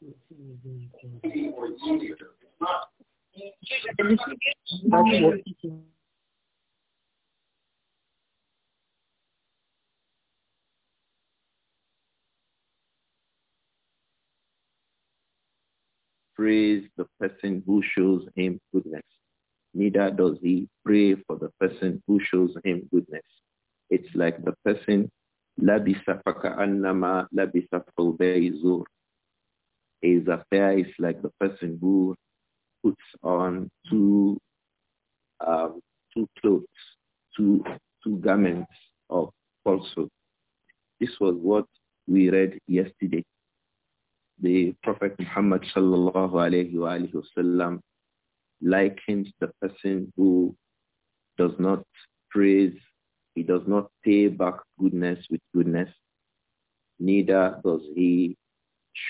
Praise the person who shows him goodness. Neither does he pray for the person who shows him goodness. It's like the person labisa faka'annama labisa is a fair is like the person who puts on two um, two clothes, two two garments of falsehood. This was what we read yesterday. The Prophet Muhammad sallallahu alayhi wa sallam wasallam likens the person who does not praise, he does not pay back goodness with goodness, neither does he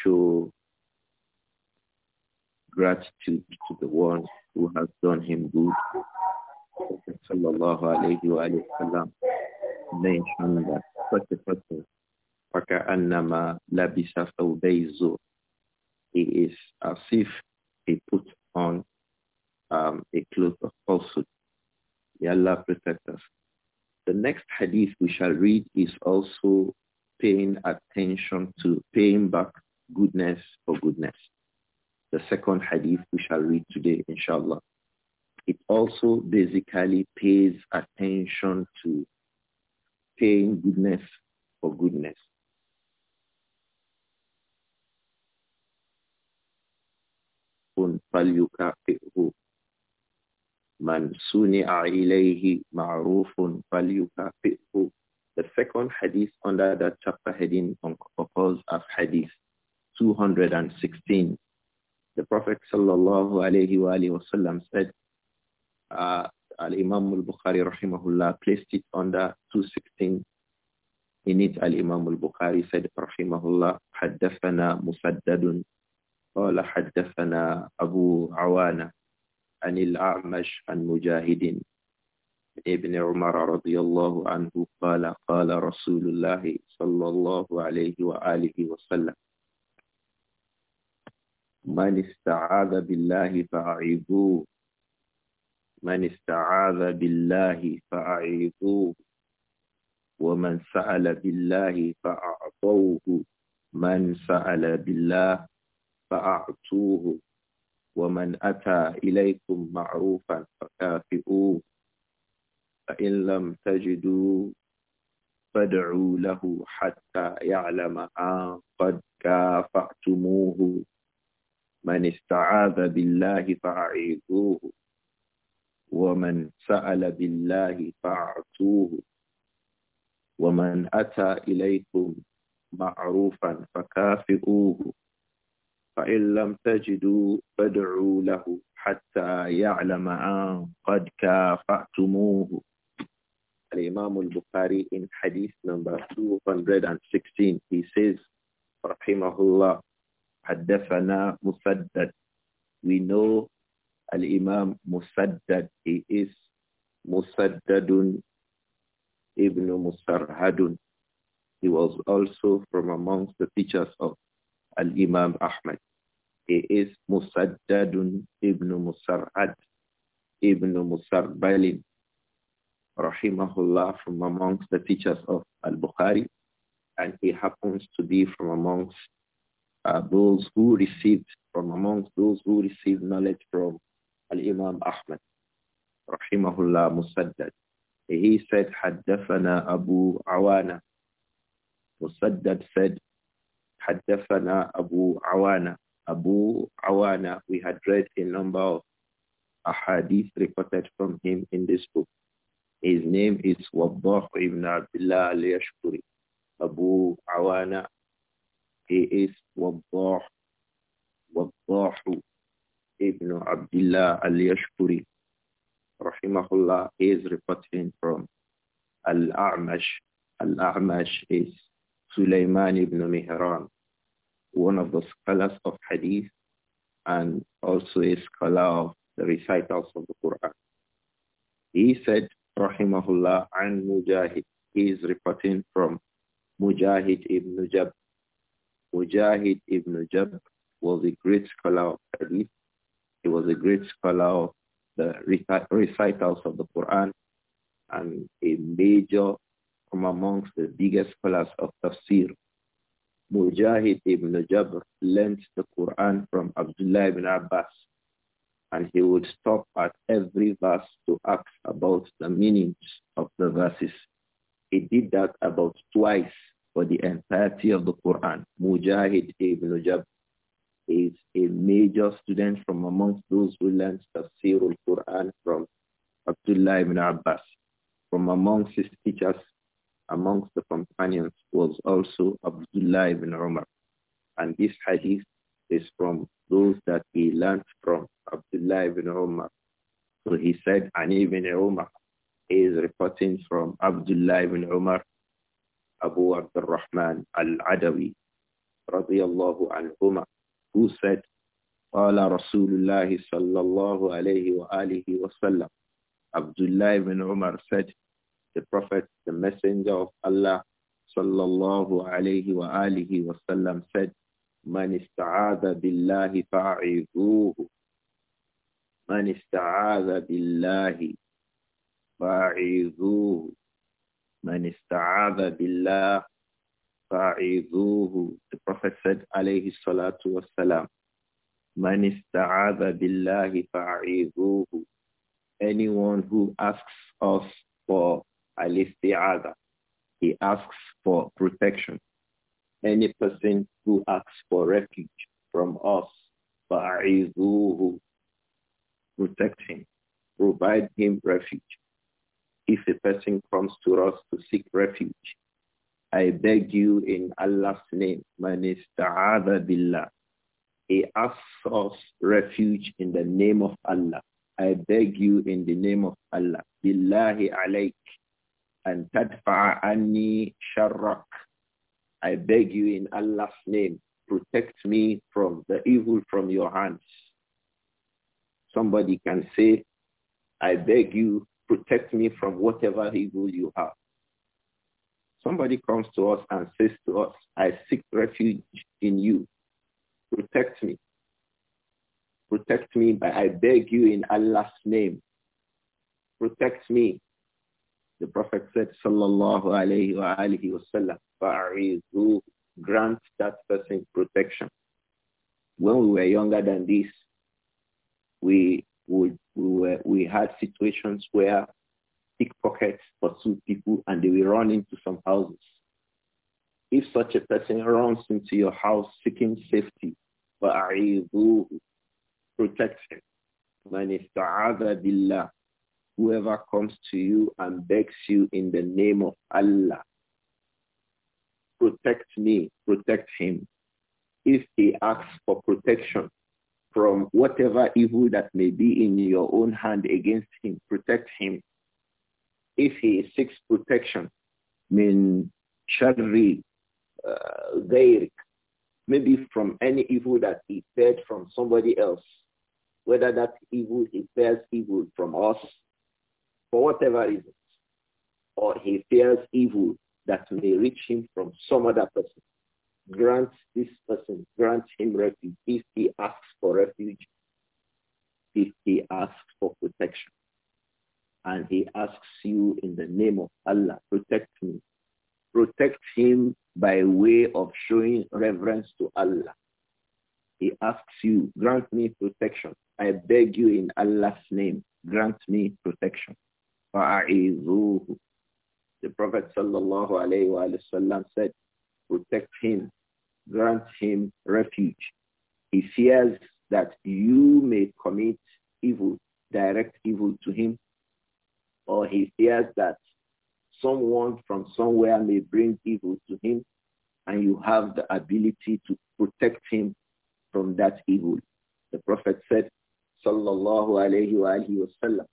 show gratitude to the one who has done him good. Prophet sallallahu alayhi wa sallam mentioned such a person, فَكَأَنَّمَا لَبِسَ فَوْبَيْزُ He is as if he put on um, a cloth of falsehood. May Allah protect us. The next hadith we shall read is also paying attention to paying back goodness for goodness the second hadith we shall read today, inshallah. It also basically pays attention to paying goodness for goodness. The second hadith under that chapter heading occurs as hadith 216 the Prophet sallallahu alayhi wa alayhi wa sallam said, uh, Al-Imam al-Bukhari rahimahullah placed it under 216. In it, Al-Imam al-Bukhari said rahimahullah, حدثنا مسدد قال حدثنا أبو عوانة al الأعمش عن مجاهد ابن عمر رضي الله عنه قال قال رسول الله صلى الله عليه وآله وسلم من استعاذ بالله فأعيذوه من استعاذ بالله فأعيذوه ومن سأل بالله فأعطوه من سأل بالله فأعطوه ومن أتى إليكم معروفا فكافئوه فإن لم تجدوا فادعوا له حتى يعلم أن قد كافأتموه من استعاذ بالله فأعيذوه ومن سأل بالله فأعطوه ومن أتى إليكم معروفا فكافئوه فإن لم تجدوا فادعوا له حتى يعلم أن قد كافأتموه الإمام البخاري in hadith number 216 he says رحمه الله حدثنا مسدد we know al-imam musaddad he is musaddadun ibn musarhadun he was also from amongst the teachers of al-imam ahmad he is musaddadun ibn musarhad ibn musarbalin rahimahullah from amongst the teachers of al-bukhari and he happens to be from amongst uh, those who received from amongst those who received knowledge from Al-Imam Ahmad, rahimahullah musaddad. He said, حدثنا Abu Awana." Musaddad said, حدثنا Abu Awana." Abu Awana, we had read a number of ahadith reported from him in this book. His name is Wabbah ibn Abdullah al-Yashkuri. Abu Awana is Wadah, Wadahu ibn Abdullah al-Yashkuri. Rahimahullah is reporting from Al-A'mash. Al-A'mash is Sulaiman ibn Mihran, one of the scholars of Hadith and also a scholar of the recitals of the Quran. He said, Rahimahullah, and Mujahid. He is reporting from Mujahid ibn Jabr. Mujahid ibn Jabr was a great scholar of hadith. He was a great scholar of the recitals of the Quran and a major from amongst the biggest scholars of tafsir. Mujahid ibn Jabr learned the Quran from Abdullah ibn Abbas and he would stop at every verse to ask about the meanings of the verses. He did that about twice for the entirety of the Quran. Mujahid ibn Jabr is a major student from amongst those who learned Tafsir al-Quran from Abdullah ibn Abbas. From amongst his teachers, amongst the companions, was also Abdullah ibn Umar. And this hadith is from those that he learned from Abdullah ibn Umar. So he said, and even Umar is reporting from Abdullah ibn Umar Abu Abdurrahman al-Adawi radiallahu anhuma who said "Allah رسول الله صلى الله عليه وآله وسلم Abdullah ibn Umar said the prophet the messenger of Allah صلى الله عليه وآله وسلم said 'Man ista'adha billahi فاعذوه Man ista'adha billahi فاعذوه Man ista'adha billah fa'idhuhu. The Prophet said, alayhi salatu wassalam, Man ista'adha billahi fa'idhuhu. Anyone who asks us for al-isti'adha, he asks for protection. Any person who asks for refuge from us, fa'idhuhu. Protect him. Provide him refuge if a person comes to us to seek refuge, I beg you in Allah's name, man ista'adha billah. He asks us refuge in the name of Allah. I beg you in the name of Allah. Billahi alayk. And tadfa'a anni sharrak. I beg you in Allah's name, protect me from the evil from your hands. Somebody can say, I beg you protect me from whatever evil you have. Somebody comes to us and says to us, I seek refuge in you. Protect me. Protect me, by, I beg you in Allah's name. Protect me. The Prophet said, Sallallahu alayhi wa sallam." wasallam, grant that person protection. When we were younger than this, we we, we, were, we had situations where pickpockets pursued people and they were run into some houses. If such a person runs into your house seeking safety, protect him. billah. Whoever comes to you and begs you in the name of Allah, protect me, protect him. If he asks for protection, from whatever evil that may be in your own hand against him. Protect him. If he seeks protection, means sharri uh, ghairik, maybe from any evil that he feared from somebody else, whether that evil he fears evil from us for whatever reason, or he fears evil that may reach him from some other person grant this person, grant him refuge if he asks for refuge, if he asks for protection. And he asks you in the name of Allah, protect me. Protect him by way of showing reverence to Allah. He asks you, grant me protection. I beg you in Allah's name, grant me protection. The Prophet sallallahu alayhi wa said, protect him grant him refuge. He fears that you may commit evil, direct evil to him, or he fears that someone from somewhere may bring evil to him, and you have the ability to protect him from that evil. The Prophet said, Sallallahu alayhi alayhi wasallam,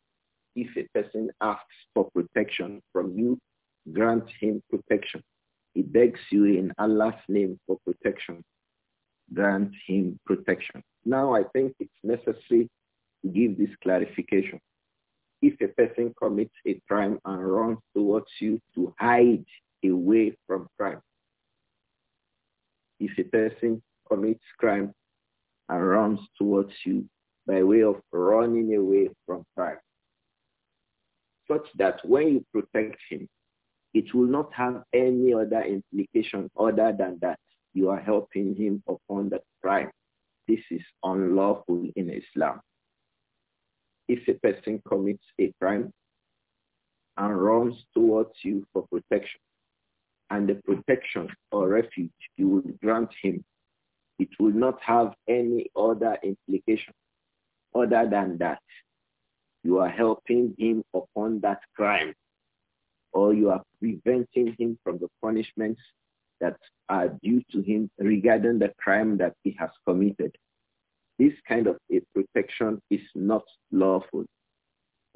if a person asks for protection from you, grant him protection. He begs you in Allah's name for protection. Grant him protection. Now I think it's necessary to give this clarification. If a person commits a crime and runs towards you to hide away from crime, if a person commits crime and runs towards you by way of running away from crime, such that when you protect him, it will not have any other implication other than that you are helping him upon that crime. This is unlawful in Islam. If a person commits a crime and runs towards you for protection, and the protection or refuge you will grant him, it will not have any other implication other than that you are helping him upon that crime or you are preventing him from the punishments that are due to him regarding the crime that he has committed. This kind of a protection is not lawful.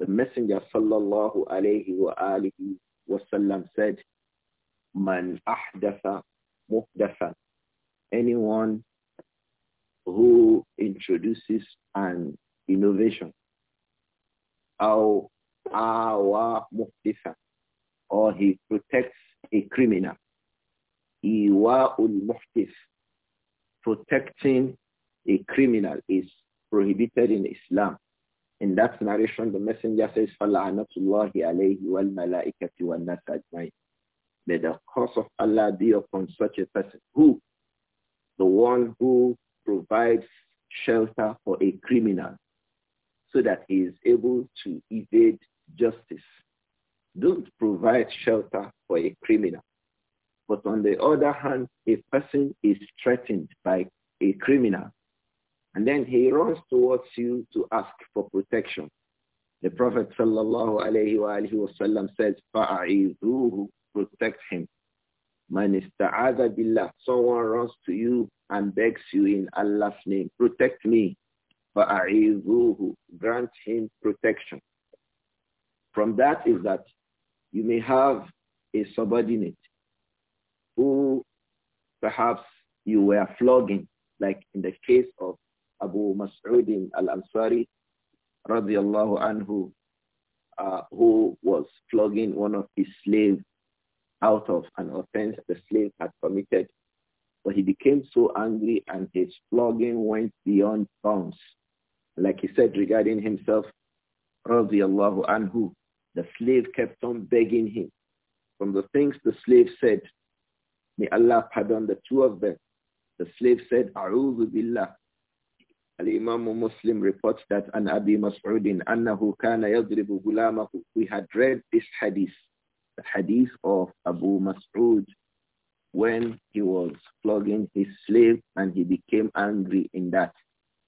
The Messenger sallallahu alayhi wa alihi wasallam said, Man ahdatha muhdathan. Anyone who introduces an innovation. Aw awa muhdathan or he protects a criminal. ul muhtif. Protecting a criminal is prohibited in Islam. In that narration, the messenger says, فَلَعَنَةُ اللَّهِ عَلَيْهِ وَالْمَلَائِكَةِ وَالنَّاسَ أَجْمَعِينَ May the curse of Allah be upon such a person. Who? The one who provides shelter for a criminal so that he is able to evade justice don't provide shelter for a criminal. But on the other hand, a person is threatened by a criminal. And then he runs towards you to ask for protection. The Prophet sallallahu alayhi wa alayhi wasallam says, فَأَعِذُوهُ Protect him. Man ista'adha billah. Someone runs to you and begs you in Allah's name, protect me. فَأَعِذُوهُ Grant him protection. From that is that you may have a subordinate who perhaps you were flogging, like in the case of Abu Mas'ud al-Ansari, radiallahu anhu, uh, who was flogging one of his slaves out of an offense the slave had committed. But he became so angry and his flogging went beyond bounds. Like he said regarding himself, radiallahu anhu, the slave kept on begging him. From the things the slave said, may Allah pardon the two of them. The slave said, A'udhu billah. Al-Imam Muslim reports that an Abi Mas'udin annahu kana yadribu gulamahu. We had read this hadith, the hadith of Abu Mas'ud when he was flogging his slave and he became angry in that.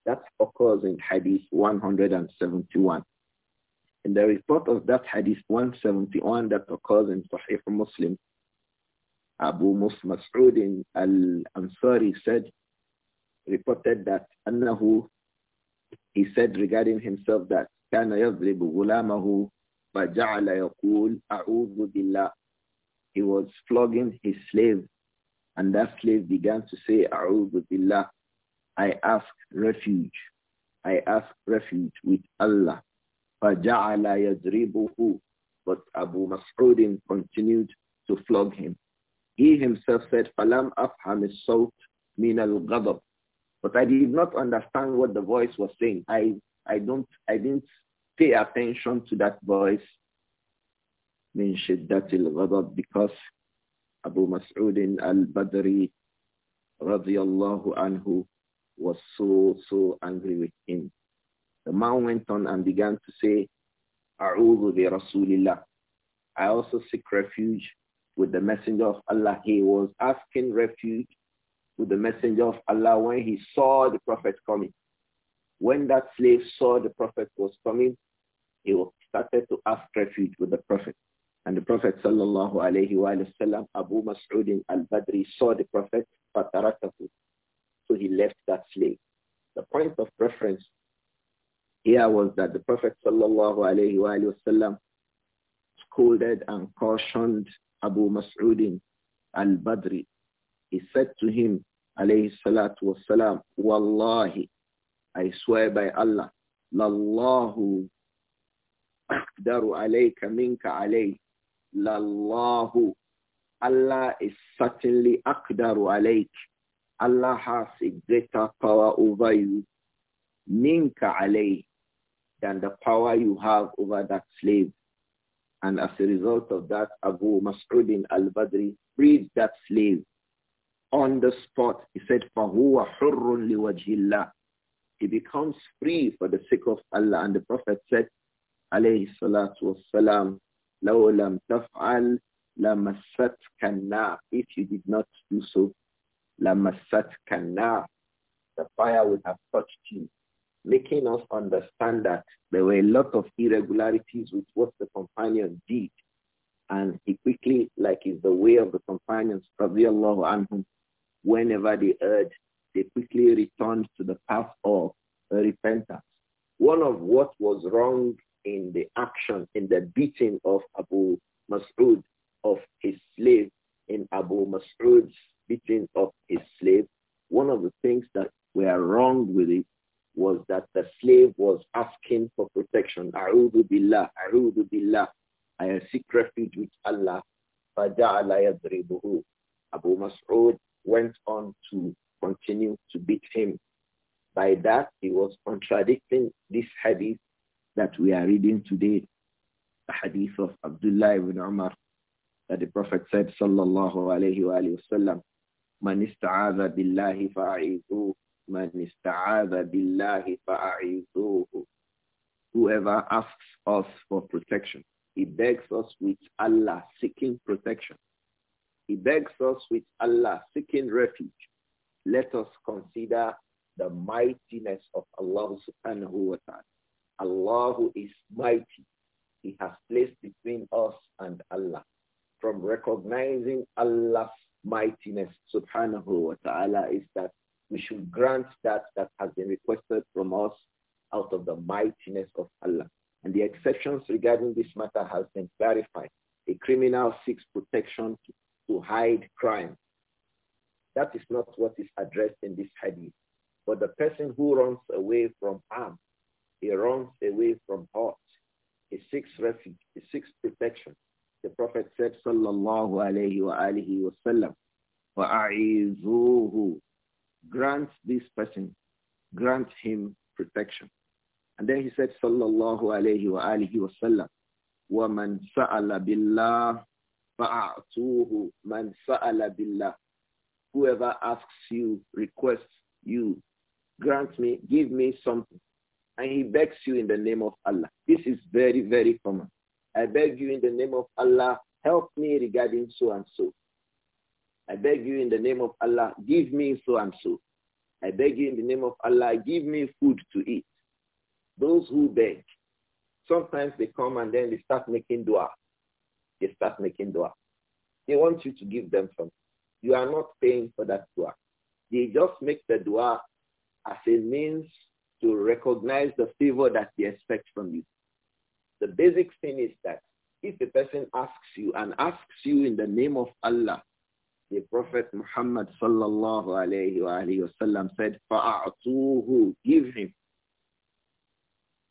That occurs in Hadith 171. In the report of that hadith 171 that occurs in Sahih Muslim, Abu Mas'ud al-Ansari said, reported that أنه he said regarding himself that كان يضرب غلامه فجعل يقول أعوذ بالله he was flogging his slave and that slave began to say أعوذ بالله I ask refuge I ask refuge with Allah فَجَعَلَ But Abu Mas'udin continued to flog him. He himself said, فَلَمْ أَفْحَمِ الصَّوْتِ مِنَ الْغَضَبِ But I did not understand what the voice was saying. I, I, don't, I didn't pay attention to that voice من شدة الغضب because Abu Mas'ud al-Badri الله عنه, was so, so angry with him. The man went on and began to say, A'udhu bi Rasulillah. I also seek refuge with the messenger of Allah. He was asking refuge with the messenger of Allah when he saw the prophet coming. When that slave saw the prophet was coming, he started to ask refuge with the prophet. And the Prophet sallallahu alayhi wa sallam, Abu Mas'ud al-Badri saw the Prophet, فَتَرَكَهُ So he left that slave. The point of reference here was that the Prophet sallallahu alayhi wa, sallam, scolded and cautioned Abu Mas'udin al-Badri. He said to him, alayhi salatu wasalam, Wallahi, I swear by Allah, Lallahu akdaru alayka minka alay. Lallahu, Allah is certainly akdaru alayk. Allah has a greater power over you. Minka alayhi than the power you have over that slave. And as a result of that, Abu bin al-Badri freed that slave on the spot. He said, فَهُوَ حُرٌّ لِوَجْهِ اللَّهِ He becomes free for the sake of Allah. And the Prophet said, عليه wa والسلام, لَوْ لَمْ تَفْعَلْ لَمَسَّتْكَ النَّارِ If you did not do so, لَمَسَّتْكَ النَّارِ The fire would have touched you making us understand that there were a lot of irregularities with what the companion did. And he quickly, like is the way of the companions, whenever they heard, they quickly returned to the path of repentance. One of what was wrong in the action, in the beating of Abu Mas'ud, of his slave, in Abu Mas'ud's beating of his slave, one of the things that were wrong with it was that the slave was asking for protection. A'udhu billah, a'udhu billah. I seek refuge with Allah. Abu Mas'ud went on to continue to beat him. By that, he was contradicting this hadith that we are reading today, the hadith of Abdullah ibn Umar, that the Prophet said, sallallahu alayhi wa, alayhi wa sallam, man billahi Man ista'adha billahi fa'a'izuhu. Whoever asks us for protection, he begs us with Allah seeking protection. He begs us with Allah seeking refuge. Let us consider the mightiness of Allah subhanahu wa ta'ala. Allah who is mighty. He has placed between us and Allah. From recognizing Allah's mightiness subhanahu wa ta'ala is that we should grant that that has been requested from us out of the mightiness of Allah. And the exceptions regarding this matter has been clarified. A criminal seeks protection to, to hide crime. That is not what is addressed in this hadith. But the person who runs away from harm, he runs away from hurt. He seeks refuge. He seeks protection. The Prophet said, Sallallahu Alaihi wa alihi wa grant this person, grant him protection. And then he said, Sallallahu alayhi wa alihi wa sallam, وَمَنْ سَأَلَ بِاللَّهِ فَأَعْتُوهُ مَنْ سَأَلَ بِاللَّهِ Whoever asks you, requests you, grant me, give me something. And he begs you in the name of Allah. This is very, very common. I beg you in the name of Allah, help me regarding so and so. I beg you in the name of Allah, give me so and so. I beg you in the name of Allah, give me food to eat. Those who beg, sometimes they come and then they start making dua. They start making dua. They want you to give them something. You are not paying for that dua. They just make the dua as a means to recognize the favor that they expect from you. The basic thing is that if a person asks you and asks you in the name of Allah, the Prophet Muhammad sallallahu alayhi wa sallam said, فَأَعْطُوهُ Give him.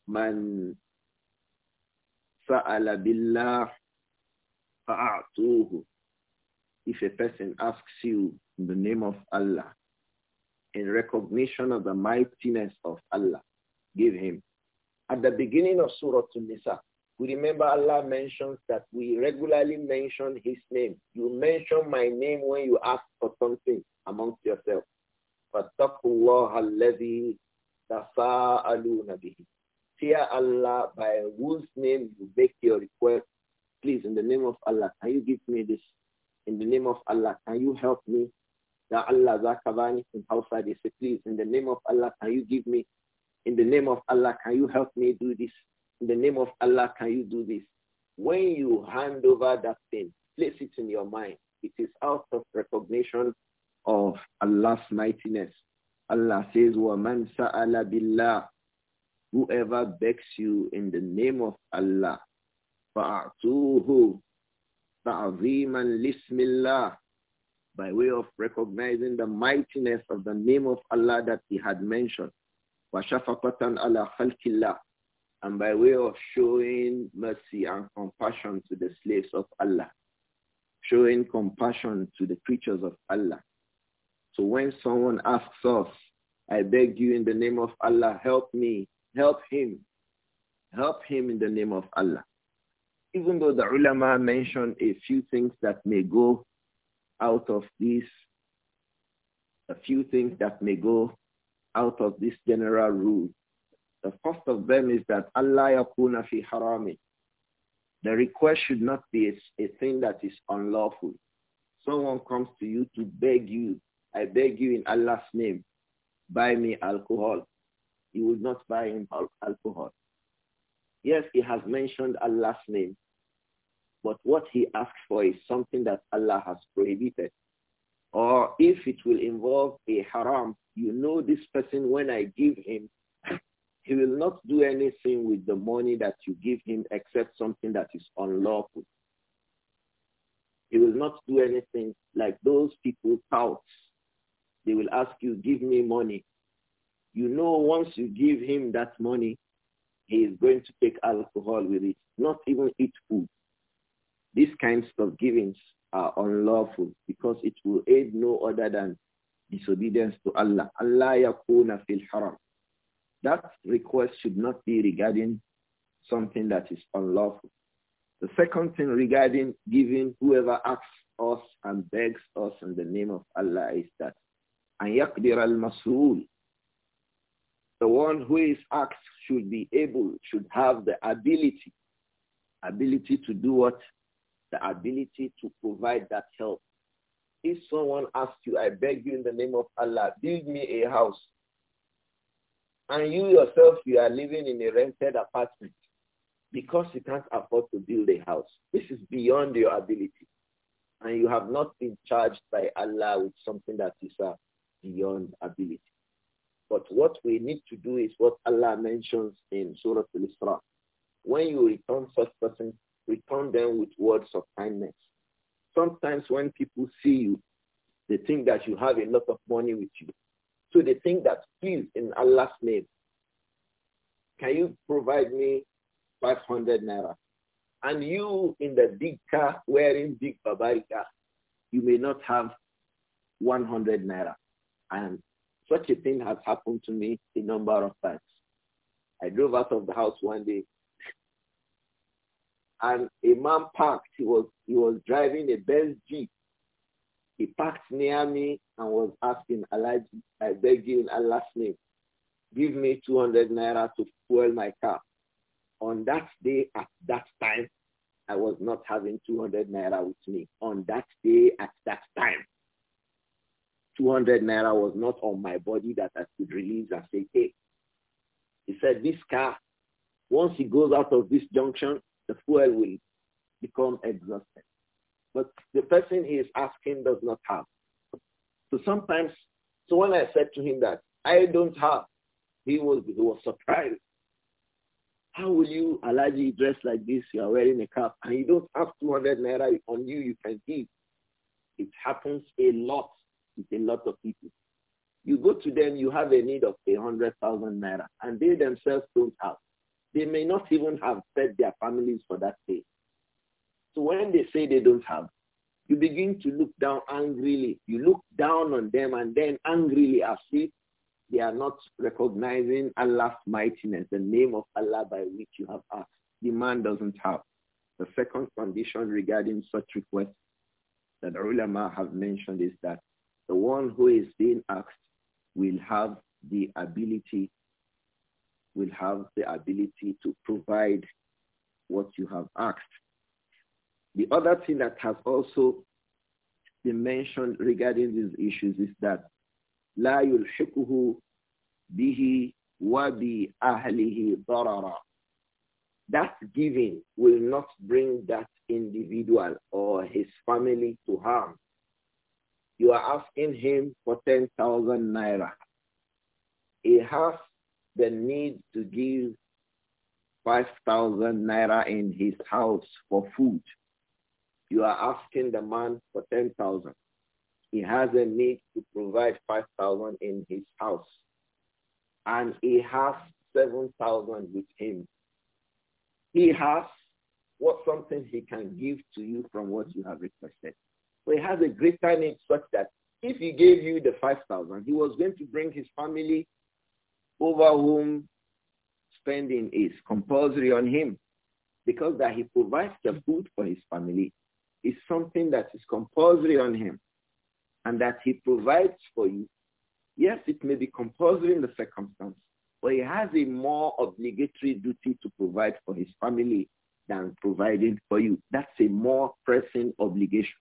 Man sa'ala billah If a person asks you in the name of Allah, in recognition of the mightiness of Allah, give him. At the beginning of Surah An-Nisa, we remember Allah mentions that we regularly mention his name. You mention my name when you ask for something amongst yourself. فَاتَّقُوا اللَّهَ الَّذِي تَسَاءَلُونَ بِهِ Fear Allah by whose name you make your request. Please, in the name of Allah, can you give me this? In the name of Allah, can you help me? Allah they say, please, in the name of Allah, can you give me? In the name of Allah, can you help me do this? in the name of Allah can you do this? When you hand over that thing, place it in your mind. It is out of recognition of Allah's mightiness. Allah says, وَمَنْ سَأَلَ بِاللَّهِ Whoever begs you in the name of Allah, فَأَعْتُوهُ تَعْظِيمًا لِسْمِ اللَّهِ By way of recognizing the mightiness of the name of Allah that he had mentioned. وَشَفَقَةً عَلَى خَلْقِ اللَّهِ and by way of showing mercy and compassion to the slaves of Allah, showing compassion to the creatures of Allah. So when someone asks us, I beg you in the name of Allah, help me, help him, help him in the name of Allah. Even though the ulama mentioned a few things that may go out of this, a few things that may go out of this general rule the first of them is that Allah yakuna fi harami. The request should not be a, a thing that is unlawful. Someone comes to you to beg you, I beg you in Allah's name, buy me alcohol. You will not buy him alcohol. Yes, he has mentioned Allah's name, but what he asked for is something that Allah has prohibited. Or if it will involve a haram, you know this person when I give him he will not do anything with the money that you give him except something that is unlawful. He will not do anything like those people touts. They will ask you, give me money. You know once you give him that money, he is going to take alcohol with it, not even eat food. These kinds of givings are unlawful because it will aid no other than disobedience to Allah. Allah yakuna fil haram. That request should not be regarding something that is unlawful. The second thing regarding giving whoever asks us and begs us in the name of Allah is that and al The one who is asked should be able, should have the ability, ability to do what? The ability to provide that help. If someone asks you, I beg you in the name of Allah, build me a house. And you yourself, you are living in a rented apartment because you can't afford to build a house. This is beyond your ability. And you have not been charged by Allah with something that is uh, beyond ability. But what we need to do is what Allah mentions in Surah Al-Isra. When you return such person, return them with words of kindness. Sometimes when people see you, they think that you have a lot of money with you. To the thing that, feels in Allah's name, can you provide me 500 naira? And you in the big car wearing big babarika, you may not have 100 naira. And such a thing has happened to me a number of times. I drove out of the house one day and a man parked. He was, he was driving a Benz Jeep he parked near me and was asking, Elijah, I beg you in Allah's name, give me 200 naira to fuel my car. On that day, at that time, I was not having 200 naira with me. On that day, at that time, 200 naira was not on my body that I could release and say, hey. He said, this car, once he goes out of this junction, the fuel will become exhausted but the person he is asking does not have. So sometimes, so when I said to him that, I don't have, he was, he was surprised. How will you, Alaji, dress like this? You are wearing a cap and you don't have 200 naira on you you can give. It happens a lot with a lot of people. You go to them, you have a need of a 100,000 naira and they themselves don't have. They may not even have fed their families for that day. So when they say they don't have, you begin to look down angrily. You look down on them and then angrily as if they are not recognizing Allah's mightiness, the name of Allah by which you have asked. The man doesn't have. The second condition regarding such requests that ulama have mentioned is that the one who is being asked will have the ability will have the ability to provide what you have asked. The other thing that has also been mentioned regarding these issues is that لا bihi به وبأهله darara. that giving will not bring that individual or his family to harm. You are asking him for 10,000 naira. He has the need to give 5,000 naira in his house for food. You are asking the man for 10,000. He has a need to provide 5,000 in his house. And he has 7,000 with him. He has what something he can give to you from what you have requested. So he has a greater need such that if he gave you the 5,000, he was going to bring his family over whom spending is compulsory on him because that he provides the food for his family is something that is compulsory on him and that he provides for you, yes, it may be compulsory in the circumstance, but he has a more obligatory duty to provide for his family than providing for you. That's a more pressing obligation.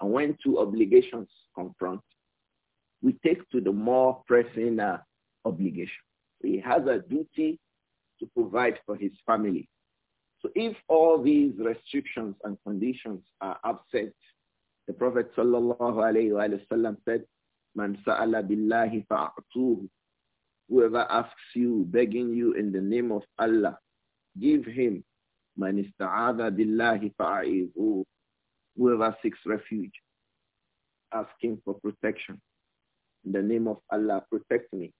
And when two obligations confront, we take to the more pressing uh, obligation. he has a duty to provide for his family. So if all these restrictions and conditions are upset, the Prophet sallallahu said, Man sa'ala billahi fa'atuhu. Whoever asks you, begging you in the name of Allah, give him. Man ista'adha billahi Whoever seeks refuge, asking for protection. In the name of Allah, protect me.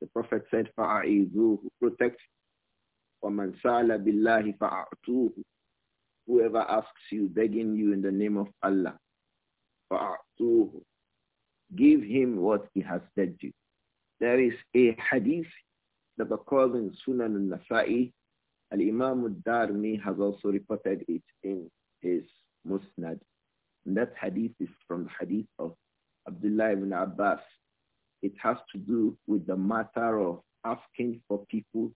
The Prophet said, fa'a'izuhu. Protect وَمَنْ سَأَلَ بِاللَّهِ فَأَعْتُوهُ Whoever asks you, begging you in the name of Allah, فَأَعْتُوهُ Give him what he has said you. There is a hadith that the in Sunan al-Nasa'i, Al-Imam al-Darmi has also reported it in his Musnad. And that hadith is from the hadith of Abdullah ibn Abbas. It has to do with the matter of asking for people,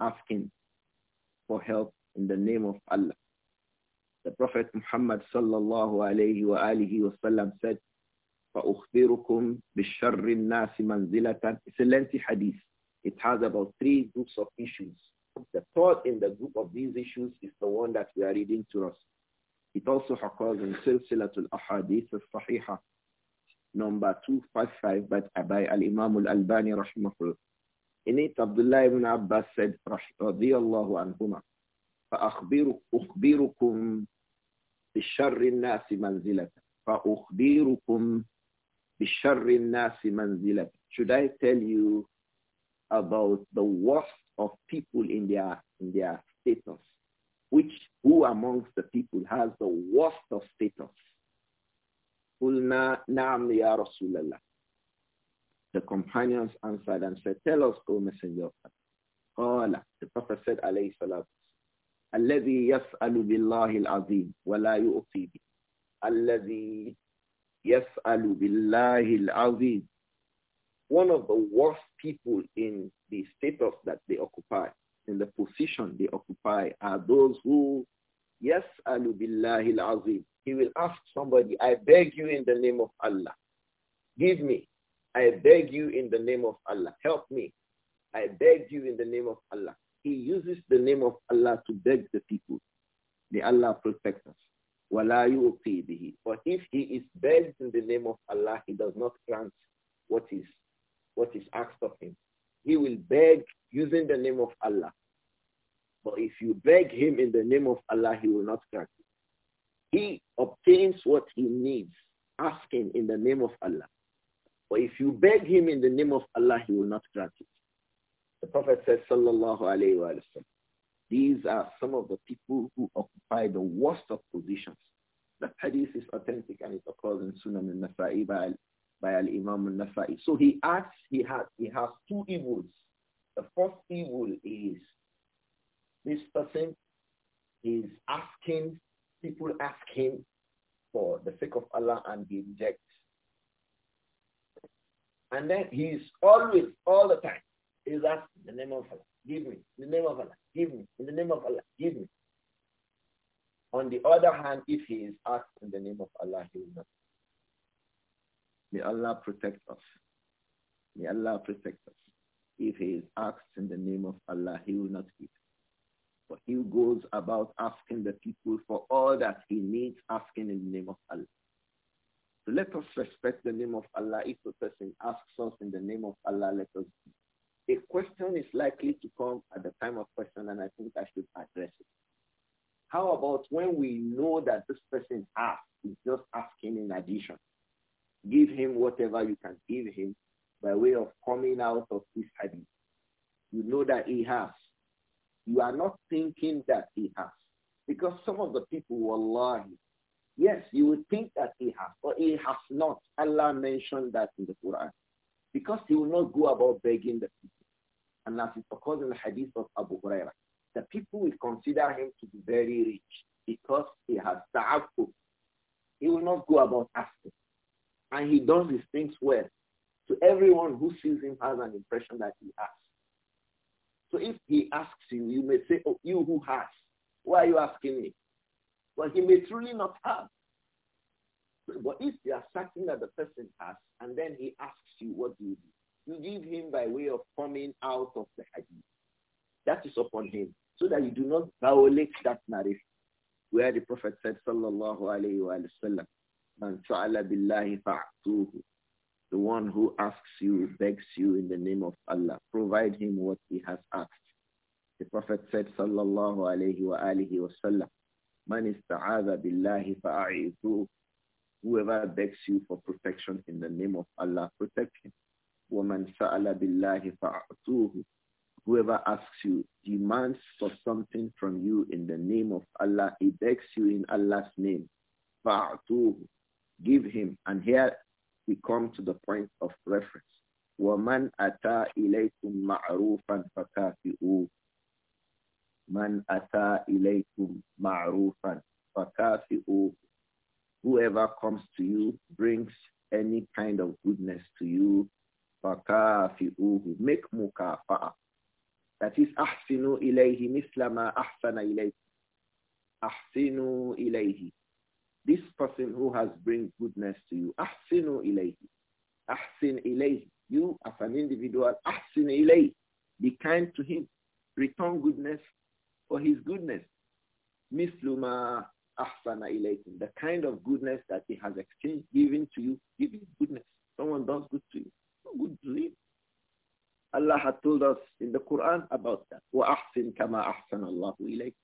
asking for help in the name of Allah. The Prophet Muhammad sallallahu alayhi wa alihi wa sallam said, فَأُخْبِرُكُمْ بِالشَّرِّ النَّاسِ مَنْزِلَةً It's a lengthy hadith. It has about three groups of issues. The third in the group of these issues is the one that we are reading to us. It also occurs in Silsilatul Ahadith al-Sahihah, number 255 by Abai al-Imam al-Albani rahimahullah. In it, Abdullah ibn Abbas said, رضي الله عنهما فأخبركم بشر الناس منزلة فأخبركم بشر الناس منزلة Should I tell you about the worst of people in their, in their status? Which, who amongst the people has the worst of status? قلنا نعم يا رسول الله The companions answered and said, Tell us, O Messenger of Allah. The Prophet said, alayhi salam, الذي يسأل بالله العظيم ولا يؤتي به الذي يسأل بالله العظيم One of the worst people in the status that they occupy, in the position they occupy, are those who يسأل بالله العظيم He will ask somebody, I beg you in the name of Allah, give me. I beg you in the name of Allah, help me. I beg you in the name of Allah. He uses the name of Allah to beg the people. May Allah protect us. وَلَا يُؤْتِي بِهِ But if he is begged in the name of Allah, he does not grant what is, what is asked of him. He will beg using the name of Allah. But if you beg him in the name of Allah, he will not grant it. He obtains what he needs, asking in the name of Allah. But if you beg him in the name of Allah, he will not grant it. The Prophet said, Sallallahu Alaihi Wasallam, sallam." these are some of the people who occupy the worst of positions. The hadith is authentic and it occurs in Sunan al-Nasa'i by, by al-Imam al-Nasa'i. So he asks. he has, he has two evils. The first evil is this person is asking, people ask him for the sake of Allah and he rejects. And then he is always, all the time, is asking the name of Allah, give me, in the name of Allah, give me, in the name of Allah, give me. On the other hand, if he is asked in the name of Allah, he will not. May Allah protect us. May Allah protect us. If he is asked in the name of Allah, he will not give. But he goes about asking the people for all that he needs, asking in the name of Allah. Let us respect the name of Allah. If a person asks us in the name of Allah, let us. A question is likely to come at the time of question, and I think I should address it. How about when we know that this person asks, is just asking in addition? Give him whatever you can give him by way of coming out of this hadith. You know that he has. You are not thinking that he has. Because some of the people, wallahi, Yes, you would think that he has, but he has not. Allah mentioned that in the Quran. Because he will not go about begging the people. And as it occurs in the hadith of Abu Huraira, the people will consider him to be very rich because he has ta'afu. He will not go about asking. And he does his things well. So everyone who sees him has an impression that he asks. So if he asks you, you may say, oh, you who has, why are you asking me? But he may truly not have. But if you are certain that the person has, and then he asks you, what do you do? You give him by way of coming out of the hadith. That is upon him, so that you do not violate that narrative. Where the Prophet said, sallallahu alayhi wa sallam, man saala billahi fa'atuhu. The one who asks you, begs you in the name of Allah, provide him what he has asked. The Prophet said, sallallahu alayhi wa alihi wa sallam, Man billahi Whoever begs you for protection in the name of Allah, protect him. Woman sa'ala billahi fa'atuhu. Whoever asks you, demands for something from you in the name of Allah, he begs you in Allah's name. Fa'atuhu. Give him. And here we come to the point of reference. Woman ata ilaykum ma'rufan fakafi'uhu Man ata ilaykum ma'rufan fakafi'u. Whoever comes to you brings any kind of goodness to you. Fakafi'uhu. Make mukafa'a. That is ahsinu ilayhi mislama ahsana ilayhi. Ahsinu ilayhi. This person who has bring goodness to you. Ahsinu ilayhi. Ahsin ilayhi. You as an individual, ahsin ilayhi. Be kind to him. Return goodness for his goodness. Misluma ahsana ilaykum. The kind of goodness that he has exchanged, given to you, giving goodness. Someone does good to you. Good to him. Allah had told us in the Quran about that. وَأَحْسِنْ كَمَا أَحْسَنَ اللَّهُ إِلَيْكَ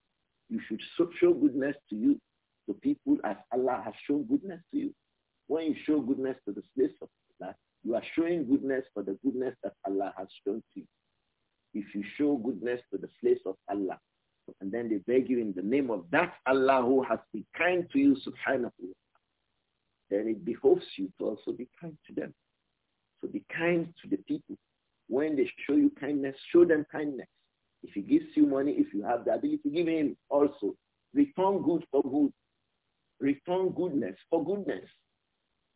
You should show goodness to you, to people as Allah has shown goodness to you. When you show goodness to the slaves of Allah, you are showing goodness for the goodness that Allah has shown to you. If you show goodness to the slaves of Allah, and then they beg you in the name of that Allah who has been kind to you, subhanahu Then it behoves you to also be kind to them. So be kind to the people. When they show you kindness, show them kindness. If he gives you money, if you have the ability, give him also. Return good for good. Return goodness for goodness.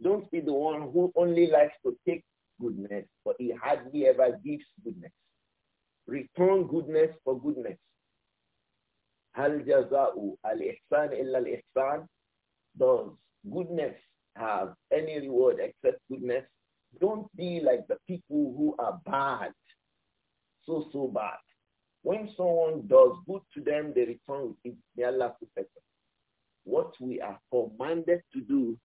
Don't be the one who only likes to take goodness, but he hardly ever gives goodness. Return goodness for goodness. هل جزاء الإحسان إلا الإحسان Does goodness have any reward except goodness? Don't be like the people who are bad, so, so bad. When someone does good to them, they return with it. May What we are commanded to do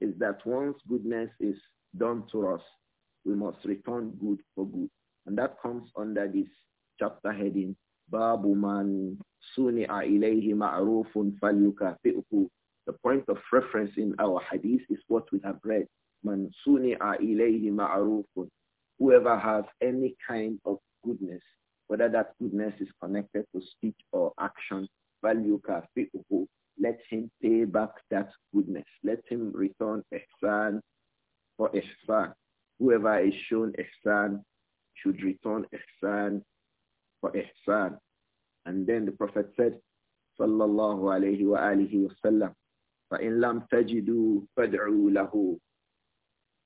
is that once goodness is done to us, we must return good for good. And that comes under this chapter heading, Babu man ilayhi ma'rufun The point of reference in our hadith is what we have read. Man suni'a ilayhi ma'rufun. Whoever has any kind of goodness, whether that goodness is connected to speech or action, Let him pay back that goodness. Let him return ihsan for ihsan. Whoever is shown ihsan should return ihsan for ihsan. And then the Prophet said, sallallahu alayhi wa alihi wa sallam, فَإِن لَمْ تَجِدُوا فَادْعُوا لَهُ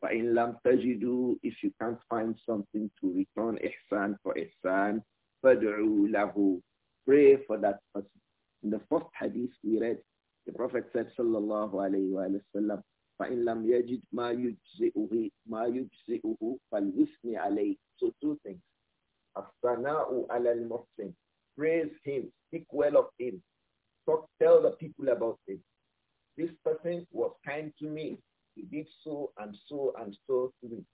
فَإِن لَمْ تَجِدُوا If you can't find something to return ihsan for ihsan, فَادْعُوا لَهُ Pray for that person. In the first hadith we read, the Prophet said, sallallahu alayhi wa sallam, فَإِن لَمْ يَجِدْ مَا يُجْزِئُهُ مَا يُجْزِئُهُ فَلْيُثْنِ عَلَيْهِ So two things. Praise him. Speak well of him. Talk, tell the people about him. This person was kind to me. He did so and so and so to me.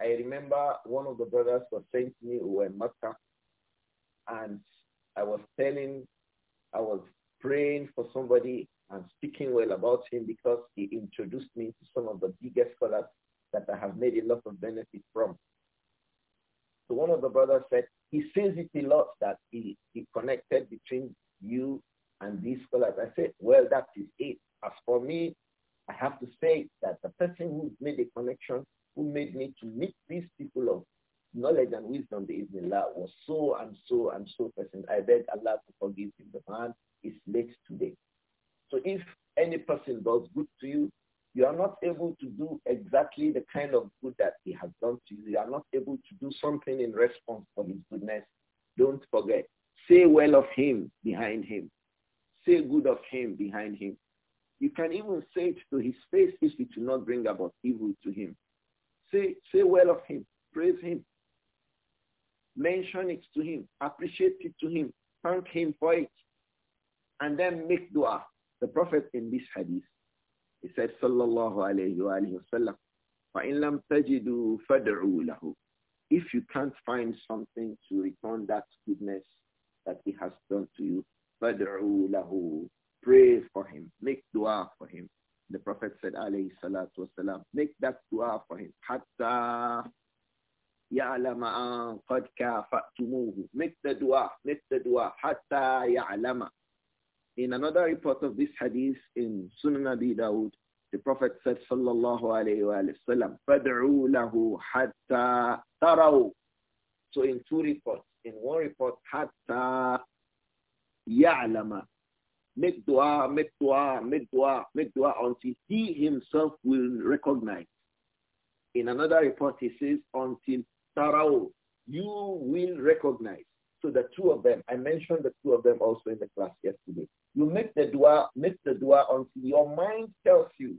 I remember one of the brothers was saying to me we were in Makkah and I was telling, I was praying for somebody and speaking well about him because he introduced me to some of the biggest scholars that I have made a lot of benefit from. So one of the brothers said, he says it a lot that he, he connected between you and these scholars. I said, well, that is it. As for me, I have to say that the person who made the connection, who made me to meet these people of knowledge and wisdom, the Iznillah, was so and so and so person. I beg Allah to forgive him. The man is late today. So if any person does good to you, you are not able to do exactly the kind of good that he has done to you. You are not able to do something in response for his goodness. Don't forget. Say well of him behind him. Say good of him behind him. You can even say it to his face if it will not bring about evil to him. Say, say well of him. Praise him. Mention it to him. Appreciate it to him. Thank him for it. And then make dua. The Prophet in this hadith he said, Sallallahu alayhi wa alayhi wa sallam, فَإِن لَمْ تَجِدُوا فَدْعُوا لَهُ If you can't find something to return that goodness that he has done to you, فَدْعُوا لَهُ Pray for him. Make dua for him. The Prophet said, alayhi salatu wasalam, make that dua for him. حَتَّى يَعْلَمَ أَنْ قَدْ كَافَأْتُمُوهُ Make the dua, make the dua, حَتَّى يَعْلَمَ in another report of this hadith in Sunan Abi Dawud, the Prophet said, Sallallahu Alaihi Wasallam, فَدْعُوا لَهُ حَتَّى تَرَوْا So in two reports, in one report, حَتَّى يَعْلَمَ Make dua, make dua, make dua, make dua until he himself will recognize. In another report, he says, until taraw, you will recognize. So the two of them, I mentioned the two of them also in the class yesterday. You make the dua, make the dua until your mind tells you.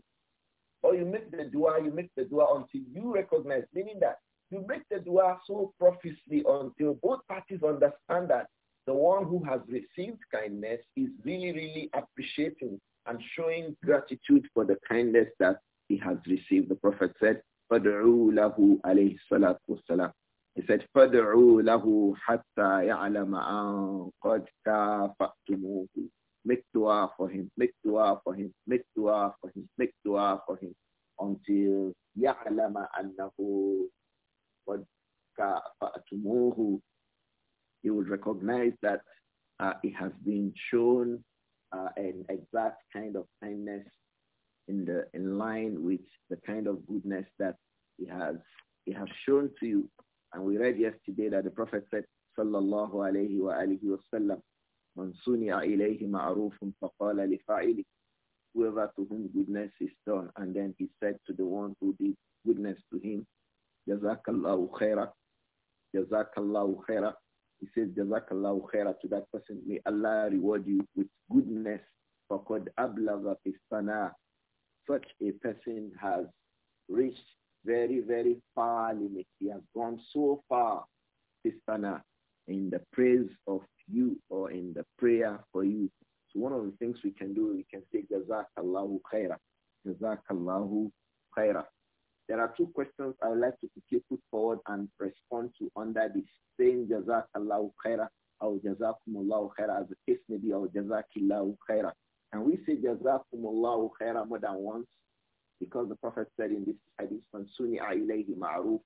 Or you make the dua, you make the dua until you recognize, meaning that you make the dua so profusely until both parties understand that the one who has received kindness is really, really appreciating and showing gratitude for the kindness that he has received. The Prophet said, فَدْعُوا لَهُ عَلَيْهِ He said, فَدْعُوا لَهُ حَتَّى يَعْلَمَ أَنْ Make dua for him, make dua for him, make dua for him, make dua for him until يَعْلَمَ أَنَّهُ قَدْ كَفَأْتُمُوهُ He will recognize that uh, it has been shown uh, an exact kind of kindness in the in line with the kind of goodness that he has he has shown to you. And we read yesterday that the Prophet said, Sallallahu Alaihi wa alihi wasallam, من صنع إليه معروف فقال لفاعله whoever to whom goodness is done and then he said to the one who did goodness to him خيرا. جزاك الله خيرا. he says الله خيرا to that person may Allah reward you with goodness faqad ablagha fi sana such a person has reached very very far limit he has gone so far fi sana in the praise of you or in the prayer for you. So one of the things we can do, we can say Jazakallahu khaira. Jazakallahu khaira. There are two questions I would like to quickly put forward and respond to under this saying Jazakallahu khaira or Jazakumullahu khaira as the case may be or Jazakillahu khaira. Can we say Jazakumullahu khaira more than once? Because the Prophet said in this hadith, Sunni سُنِعَ إِلَيْهِ مَعْرُوفٌ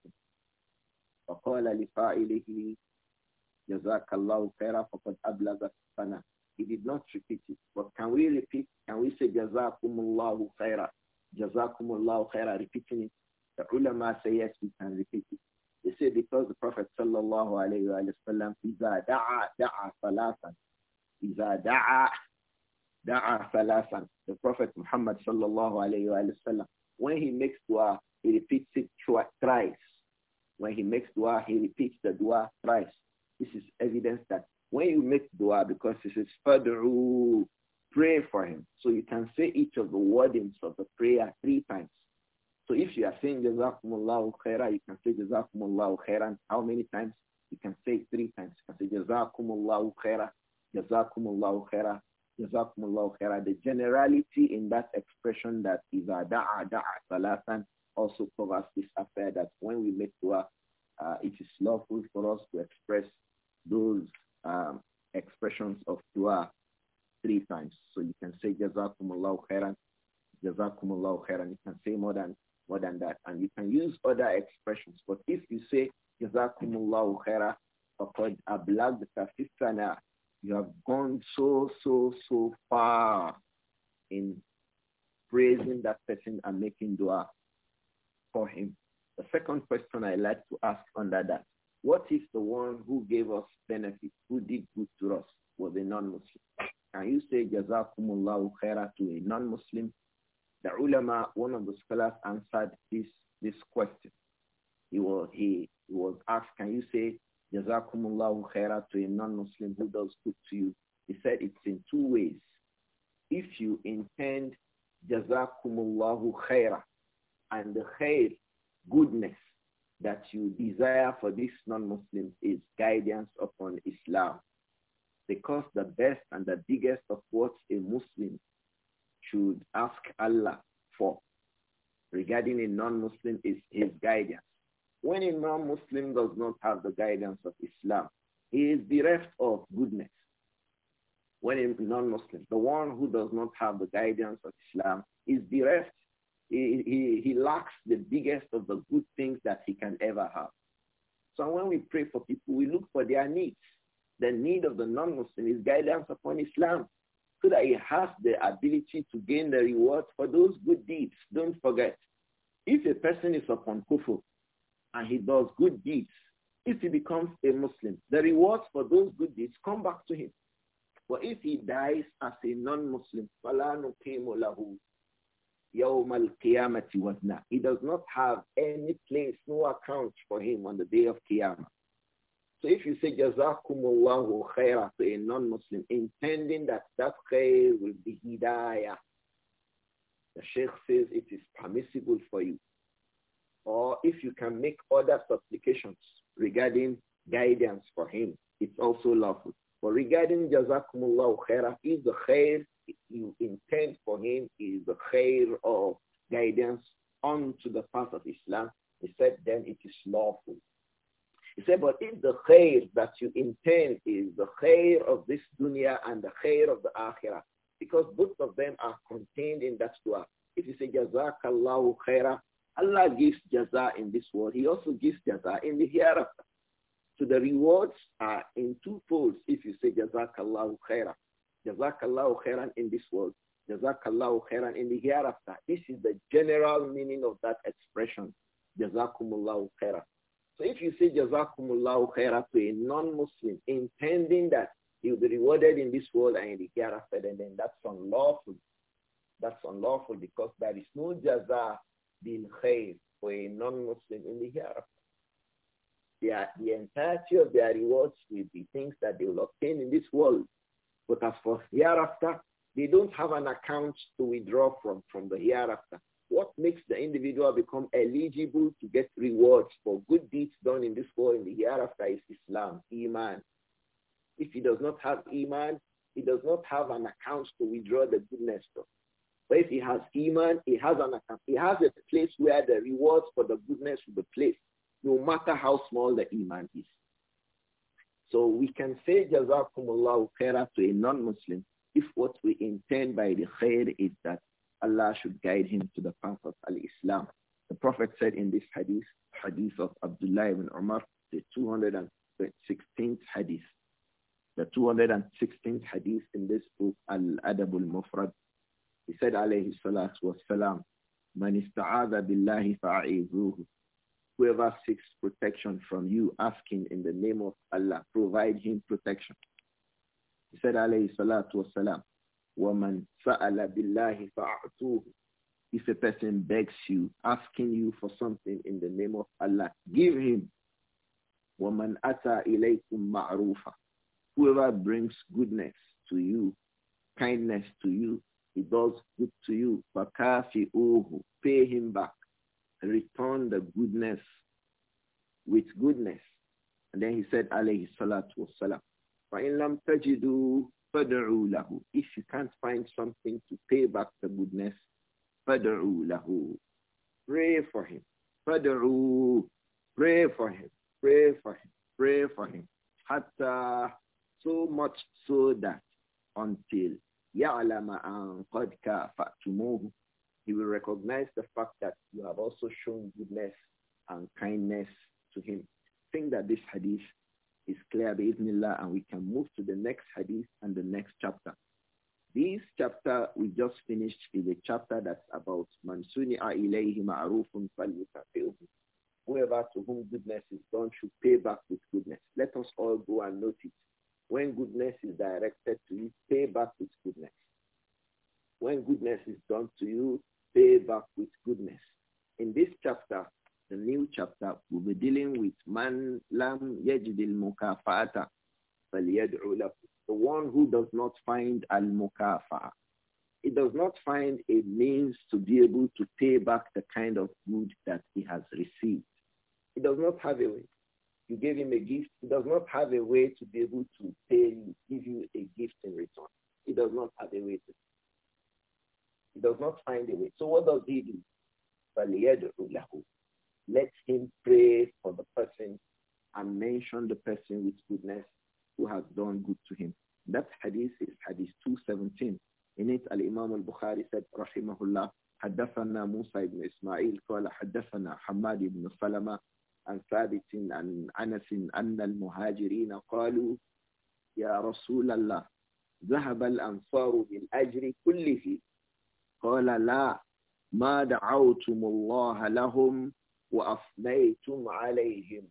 وَقَالَ Jazakallahu khaira faqad ablaga sana. He did not repeat it. But can we repeat? Can we say Jazakumullahu khaira? Jazakumullahu khaira, repeating it. The ulama say yes, we can repeat it. They say because the Prophet sallallahu alayhi wa sallam, said, "Daa, daa ثلاثا. إذا دعا da'a salasan. The Prophet Muhammad sallallahu alayhi wa sallam, when he makes dua, he repeats it thrice. When he makes dua, he repeats the dua thrice. This is evidence that when you make dua, because it says, Fadru, pray for him. So you can say each of the wordings of the prayer three times. So if you are saying Jazakumullahu khairah, you can say Jazakumullahu khairan. How many times? You can say three times. You can say Jazakumullahu khairah, Jazakumullahu khairah, Jazakumullahu khairah. The generality in that expression that is da'a da'a salatan also covers this affair that when we make dua, uh, it is lawful for us to express those um, expressions of dua three times. So you can say Jazakumullahu khairan, Jazakumullahu khairan. You can say more than more than that, and you can use other expressions. But if you say Jazakumullahu khairan, faqad ablagta fisana, you have gone so so so far in praising that person and making dua for him. The second question I like to ask under that what if the one who gave us benefit, who did good to us, was a non-Muslim? Can you say Jazakumullahu khaira to a non-Muslim? The ulama, one of the scholars, answered this, this question. He was, he, he was asked, can you say Jazakumullahu khaira to a non-Muslim who does good to you? He said it's in two ways. If you intend Jazakumullahu khaira and the khair, goodness, that you desire for these non-Muslims is guidance upon Islam. Because the best and the biggest of what a Muslim should ask Allah for regarding a non-Muslim is his guidance. When a non-Muslim does not have the guidance of Islam, he is bereft of goodness. When a non-Muslim, the one who does not have the guidance of Islam, is bereft he, he, lacks the biggest of the good things that he can ever have. So when we pray for people, we look for their needs. The need of the non-Muslim his guidance upon Islam so that he has the ability to gain the rewards for those good deeds. Don't forget, if a person is upon kufr and he does good deeds, if he becomes a Muslim, the rewards for those good deeds come back to him. But if he dies as a non-Muslim, يوم القيامة وزنا. He does not have any place, no account for him on the day of Qiyamah. So if you say Jazakumullahu khairah to a non-Muslim, intending that that khair will be hidayah, the Sheikh says it is permissible for you. Or if you can make other supplications regarding guidance for him, it's also lawful. But regarding Jazakumullahu khairah, if the khair you intend for him is the khair of guidance onto the path of Islam, he said then it is lawful. He said, but if the khair that you intend is the khair of this dunya and the khair of the akhirah, because both of them are contained in that dua. If you say jazakallahu khaira, Allah gives jaza in this world. He also gives jaza in the hereafter. So the rewards are in two folds if you say jazakallahu khaira. Jazakallahu khairan in this world. Jazakallahu khairan in the hereafter. This is the general meaning of that expression. Jazakumullahu khairan. So if you say Jazakumullahu khairan to a non-Muslim, intending that he'll be rewarded in this world and in the hereafter, then, then that's unlawful. That's unlawful because there is no jaza bin khair for a non-Muslim in the hereafter. the entirety of their rewards will be things that they will obtain in this world. But as for hereafter, they don't have an account to withdraw from, from the hereafter. What makes the individual become eligible to get rewards for good deeds done in this world and the hereafter is Islam, Iman. If he does not have Iman, he does not have an account to withdraw the goodness from. But if he has Iman, he has an account. He has a place where the rewards for the goodness will be placed, no matter how small the Iman is. So we can say Jazakumullahu khairah to a non-Muslim if what we intend by the khair is that Allah should guide him to the path of al-Islam. The Prophet said in this hadith, hadith of Abdullah ibn Umar, the 216th hadith. The 216th hadith in this book, Al-Adab al-Mufrad. He said, alayhi salatu wasalam, man ista'adha billahi fa'a'izuhu. Whoever seeks protection from you, ask him in the name of Allah. Provide him protection. He said, alayhi salatu wasalam, وَمَنْ سَأَلَ بِاللَّهِ If a person begs you, asking you for something in the name of Allah, give him. Woman, أَتَى ilaykum مَعْرُوفًا Whoever brings goodness to you, kindness to you, he does good to you, uhu. Pay him back return the goodness with goodness. And then he said, alayhi salatu wassalam, If you can't find something to pay back the goodness, فَدْعُوا لَهُ Pray for him. Pray for him. Pray for him. Pray for him. Hatta So much so that until يَعْلَمَ أَنْ قَدْ كَافَأْتُمُوهُ he will recognize the fact that you have also shown goodness and kindness to him. Think that this hadith is clear, bi'idhnillah, and we can move to the next hadith and the next chapter. This chapter we just finished is a chapter that's about Mansuni ilayhi ma'rufun Whoever to whom goodness is done should pay back with goodness. Let us all go and note it. When goodness is directed to you, pay back with goodness. When goodness is done to you, with goodness. In this chapter, the new chapter, we'll be dealing with man lam yajidil mukafata the one who does not find al-mukafa. He does not find a means to be able to pay back the kind of good that he has received. He does not have a way. You gave him a gift. He does not have a way to be able to pay you, give you a gift in return. He does not have a way to he does not find a way. So what does he do? Let him pray for the person and mention the person with goodness who has done good to him. That hadith is hadith 217. In it, Al-Imam al-Bukhari said, Rahimahullah, حدثنا موسى بن إسماعيل قال حدثنا حماد بن سلمة عن ثابت عن أنس أن المهاجرين قالوا يا رسول الله ذهب الأنصار بالأجر كله قال لا ما دعوتم الله لهم وأفنيتم عليهم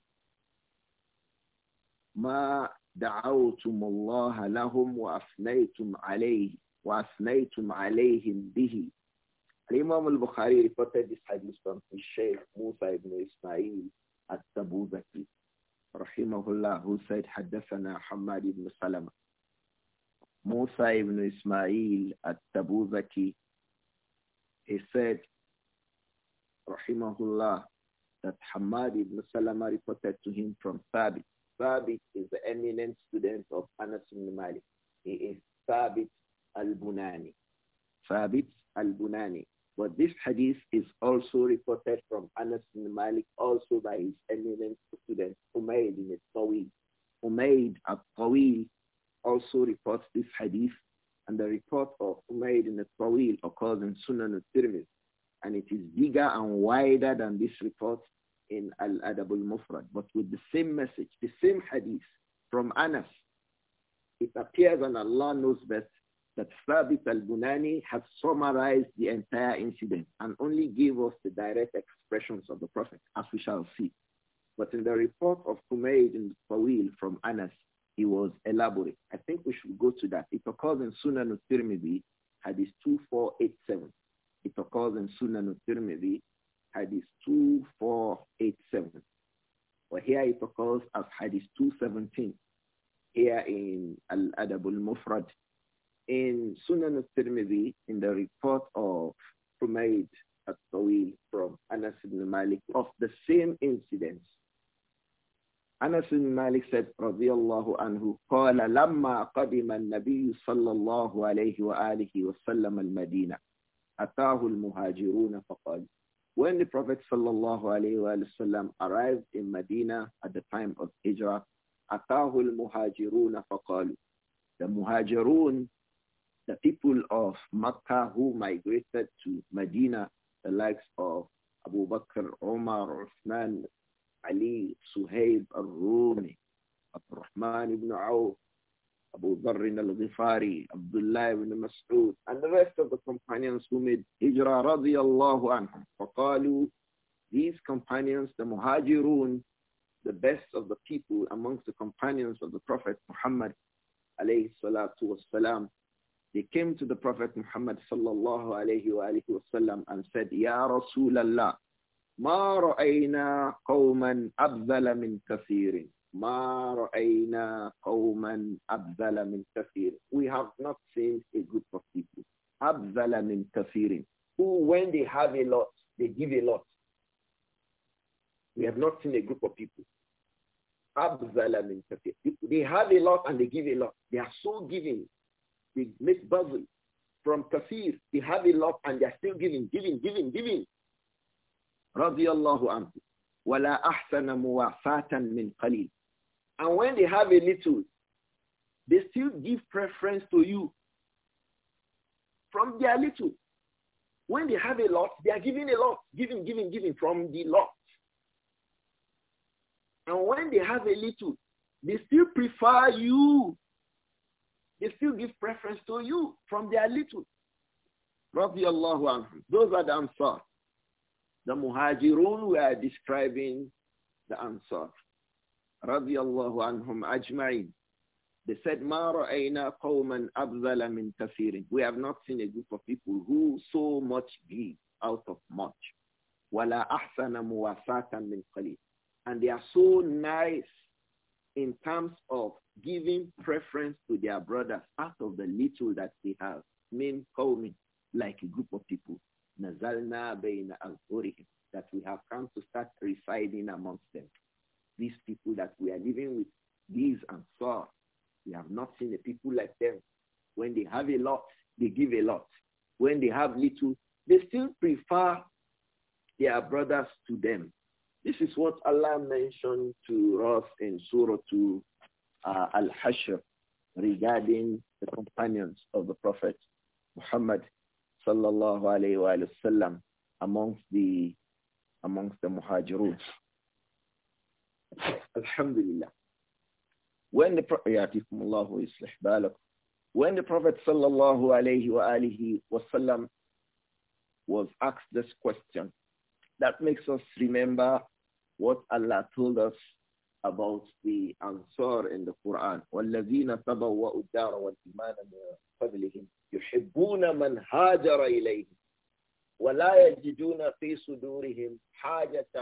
ما دعوتم الله لهم وأفنيتم عليه وأثنيتم عليهم به الإمام البخاري reported this hadith from his Shaykh Musa ibn Ismail التبوذكي رحمه الله who said حدثنا حماد بن سلمة موسى بن إسماعيل التبوذكي he said, rahimahullah, that Hamad ibn Salama reported to him from Thabit. Thabit is the eminent student of Anas ibn Malik. He is Thabit al-Bunani. Thabit al-Bunani. But this hadith is also reported from Anas ibn Malik, also by his eminent student, Umayd ibn Tawil. Umayd al-Tawil also reports this hadith and the report of Umayyad the Tawil occurs in Sunan al-Tirmidhi. And it is bigger and wider than this report in Al-Adab al-Mufrad, but with the same message, the same hadith from Anas. It appears, and Allah knows best, that Thabit al-Bunani has summarized the entire incident and only gave us the direct expressions of the Prophet, as we shall see. But in the report of Humayd in Tawil from Anas, he was elaborate. I think we should go to that. It occurs in Sunan al-Tirmidhi, Hadith 2487. It occurs in Sunan al-Tirmidhi, Hadith 2487. But here it occurs as Hadith 217. Here in Al-Adab al-Mufrad. In Sunan al-Tirmidhi, in the report of Humayd at-Tawil from Anas ibn Malik of the same incidents, Anas bin Malik said, radiyallahu anhu, قال لما قدم النبي صلى الله عليه وآله وسلم المدينة أتاه المهاجرون فقال When the Prophet sallallahu alayhi wa arrived in Medina at the time of Hijrah, أتاه المهاجرون فقالوا The muhajirun, the people of Makkah who migrated to Medina, the likes of Abu Bakr, Omar, Uthman, Ali, Suhaib al-Rumi, Abdurrahman ibn Awf, Abu Dharr al-Ghifari, Abdullah ibn Mas'ud, and the rest of the companions who made hijrah radiyallahu anhum. فقالوا, these companions, the muhajirun, the best of the people amongst the companions of the Prophet Muhammad alayhi salatu wasalam, they came to the Prophet Muhammad sallallahu alayhi wa and said, Ya Rasulallah, ما رأينا قوما أبذل من كثير ما رأينا قوما أبذل من كثير We have not seen a group of people أبذل من كثير who when they have a lot they give a lot We have not seen a group of people أبذل من كثير They have a lot and they give a lot They are so giving They make buzzing from kafir, they have a lot and they're still giving, giving, giving, giving. وَلَا أَحْسَنَ مِنْ قَلِيلٍ And when they have a little, they still give preference to you from their little. When they have a lot, they are giving a lot, giving, giving, giving from the lot. And when they have a little, they still prefer you. They still give preference to you from their little. اللَّهُ anhu. Those are the answers. The Muhajirun were describing the Ansar. Radiallahu anhum ajma'in. They said, مَا رَأَيْنَا قَوْمًا أَبْذَلَ مِنْ interfering. We have not seen a group of people who so much give out of much. وَلَا أَحْسَنَ مُوَاسَاةً مِنْ And they are so nice in terms of giving preference to their brothers out of the little that they have. Mean me Like a group of people. Nazalna bayna azhurihim, that we have come to start residing amongst them. These people that we are living with, these and so we have not seen a people like them. When they have a lot, they give a lot. When they have little, they still prefer their brothers to them. This is what Allah mentioned to us in Surah to uh, Al-Hashr regarding the companions of the Prophet Muhammad sallallahu alayhi wa sallam amongst the amongst the muhajirun. Alhamdulillah. When the Prophet when the Prophet sallallahu alayhi wa alihi wasallam was asked this question, that makes us remember what Allah told us about the Ansar in the Quran. وَالَّذِينَ تَبَوَّأُوا الدَّارَ وَالْإِيمَانَ مِنْ قَبْلِهِمْ يُحِبُّونَ مَنْ هَاجَرَ إِلَيْهِمْ وَلَا يَجِدُونَ فِي صُدُورِهِمْ حَاجَةً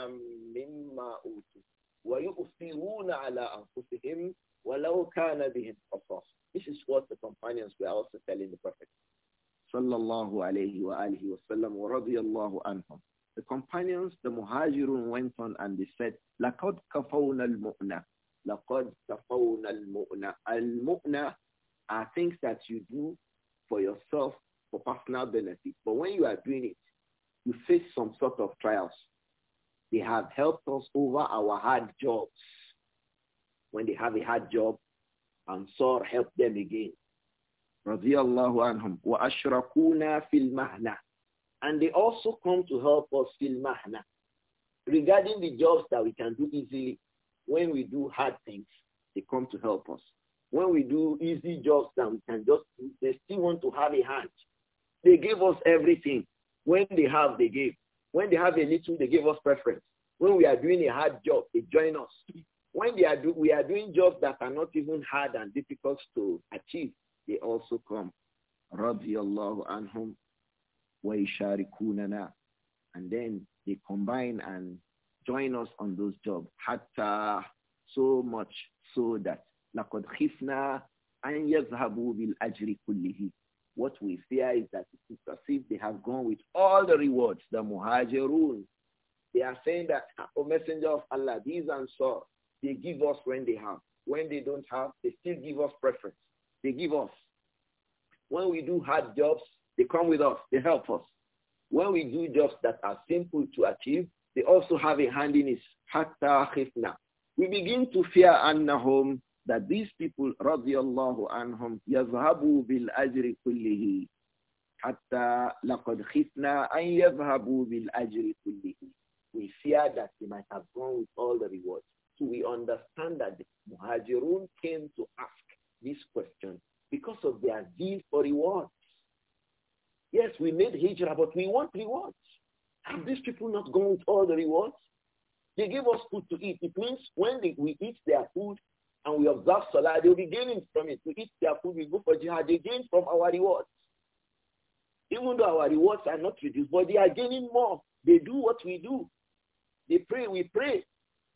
مِمَّا أُوتُوا وَيُؤْثِرُونَ عَلَىٰ أَنفُسِهِمْ وَلَوْ كَانَ بِهِمْ قَصَاصٌ This is what the companions were also telling the Prophet. صلى الله عليه وآله وسلم ورضي الله عنهم the companions, the muhajirun went on and they said, لَقَدْ كَفَوْنَا الْمُؤْنَةِ لَقَدْ كَفَوْنَا الْمُؤْنَةِ Al-mu'na are things that you do for yourself for personal benefit. But when you are doing it, you face some sort of trials. They have helped us over our hard jobs. When they have a hard job, Ansar helped them again. رضي الله عنهم وأشركونا في المهنة and they also come to help us feel mahna regarding the jobs that we can do easily. When we do hard things, they come to help us. When we do easy jobs that we can just do, they still want to have a hand. They give us everything. When they have, they give. When they have a little, they give us preference. When we are doing a hard job, they join us. When they are do, we are doing jobs that are not even hard and difficult to achieve, they also come. رضي الله عنهم وَيْشَارِكُونَنَا And then they combine and join us on those jobs. حَتَّى So much so that لَقَدْ خِفْنَا أَنْ يَذْهَبُوا بِالْأَجْرِ كُلِّهِ What we fear is that it's as if they have gone with all the rewards, the muhajirun. They are saying that, ah, O Messenger of Allah, these answer, they give us when they have. When they don't have, they still give us preference. They give us. When we do hard jobs, they come with us. They help us. When we do jobs that are simple to achieve, they also have a hand in it. Hatta khifna. We begin to fear annahum that these people, radiallahu anhum, yazhabu bil ajri kullihi. Hatta laqad khifna an yazhabu bil ajri kullihi. We fear that they might have gone with all the rewards. So we understand that the muhajirun came to ask this question because of their zeal for reward. Yes, we made hijrah, but we want rewards. Have these people not gone with all the rewards? They gave us food to eat. It means when they, we eat their food and we observe salah, they will be gaining from it. We eat their food, we go for jihad, they gain from our rewards. Even though our rewards are not reduced, but they are gaining more. They do what we do. They pray, we pray.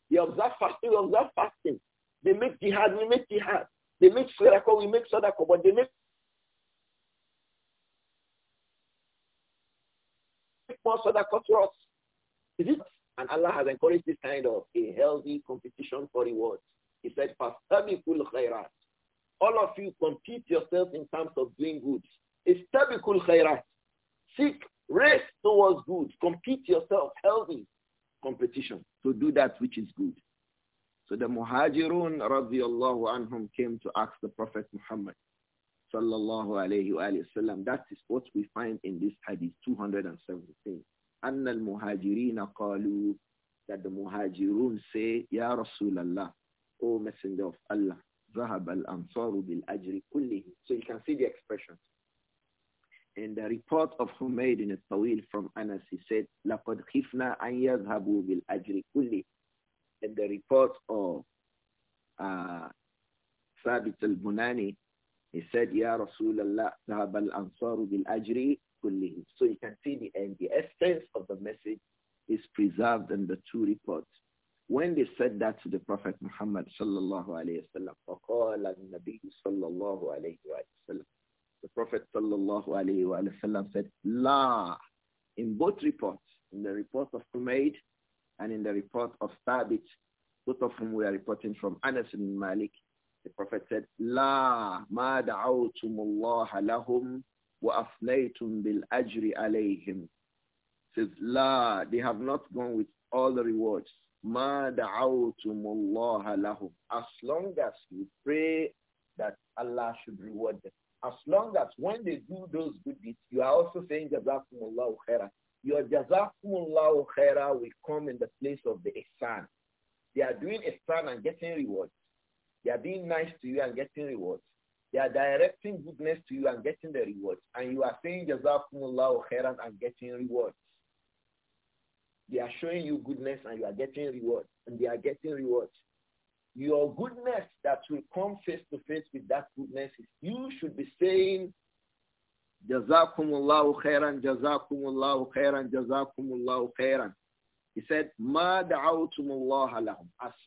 They observe fasting, we observe fasting. They make jihad, we make jihad. They make sadaqah, we make sadaqah, but they make that cut to us. Is it? And Allah has encouraged this kind of a healthy competition for rewards. He said, فَاسْتَبِقُوا khairat. All of you compete yourselves in terms of doing good. Istabikul khairat. Seek, race towards good. Compete yourself, healthy competition to do that which is good. So the Muhajirun radiallahu anhum came to ask the Prophet Muhammad sallallahu alayhi wa sallam. That is what we find in this hadith 217. al المهاجرين قالوا that the muhajirun say, Ya Rasulallah, O Messenger of Allah, ذهب الأنصار بالأجر كله. So you can see the expression. In the report of Humayd in Tawil from Anas, he said, لقد خفنا أن يذهبوا بالأجر كله. In the report of uh, Thabit al-Bunani he said, Ya Rasulallah, sahab al-ansaru bil-ajri kullihi. So you can see the end. The essence of the message is preserved in the two reports. When they said that to the Prophet Muhammad sallallahu alayhi wa sallam, sallallahu alayhi wa The Prophet sallallahu alayhi wa sallam said, La, in both reports, in the report of Humayd and in the report of Thabit, both of whom we are reporting from Anas ibn Malik, the Prophet said, La ma da'awtumullaha lahum wa afnaytum bil ajri alayhim. Says, La, they have not gone with all the rewards. Ma da'awtumullaha lahum. As long as you pray that Allah should reward them. As long as when they do those good deeds, you are also saying jazakumullahu khairah. Your jazakumullahu khairah will come in the place of the ihsan. They are doing ihsan and getting reward. They are being nice to you and getting rewards. They are directing goodness to you and getting the rewards. And you are saying Jazakumullah khairan and getting rewards. They are showing you goodness and you are getting rewards. And they are getting rewards. Your goodness that will come face to face with that goodness is you should be saying Jazakumullah khairan, Jazakumullah khairan, Jazakumullah khairan. He said, Ma As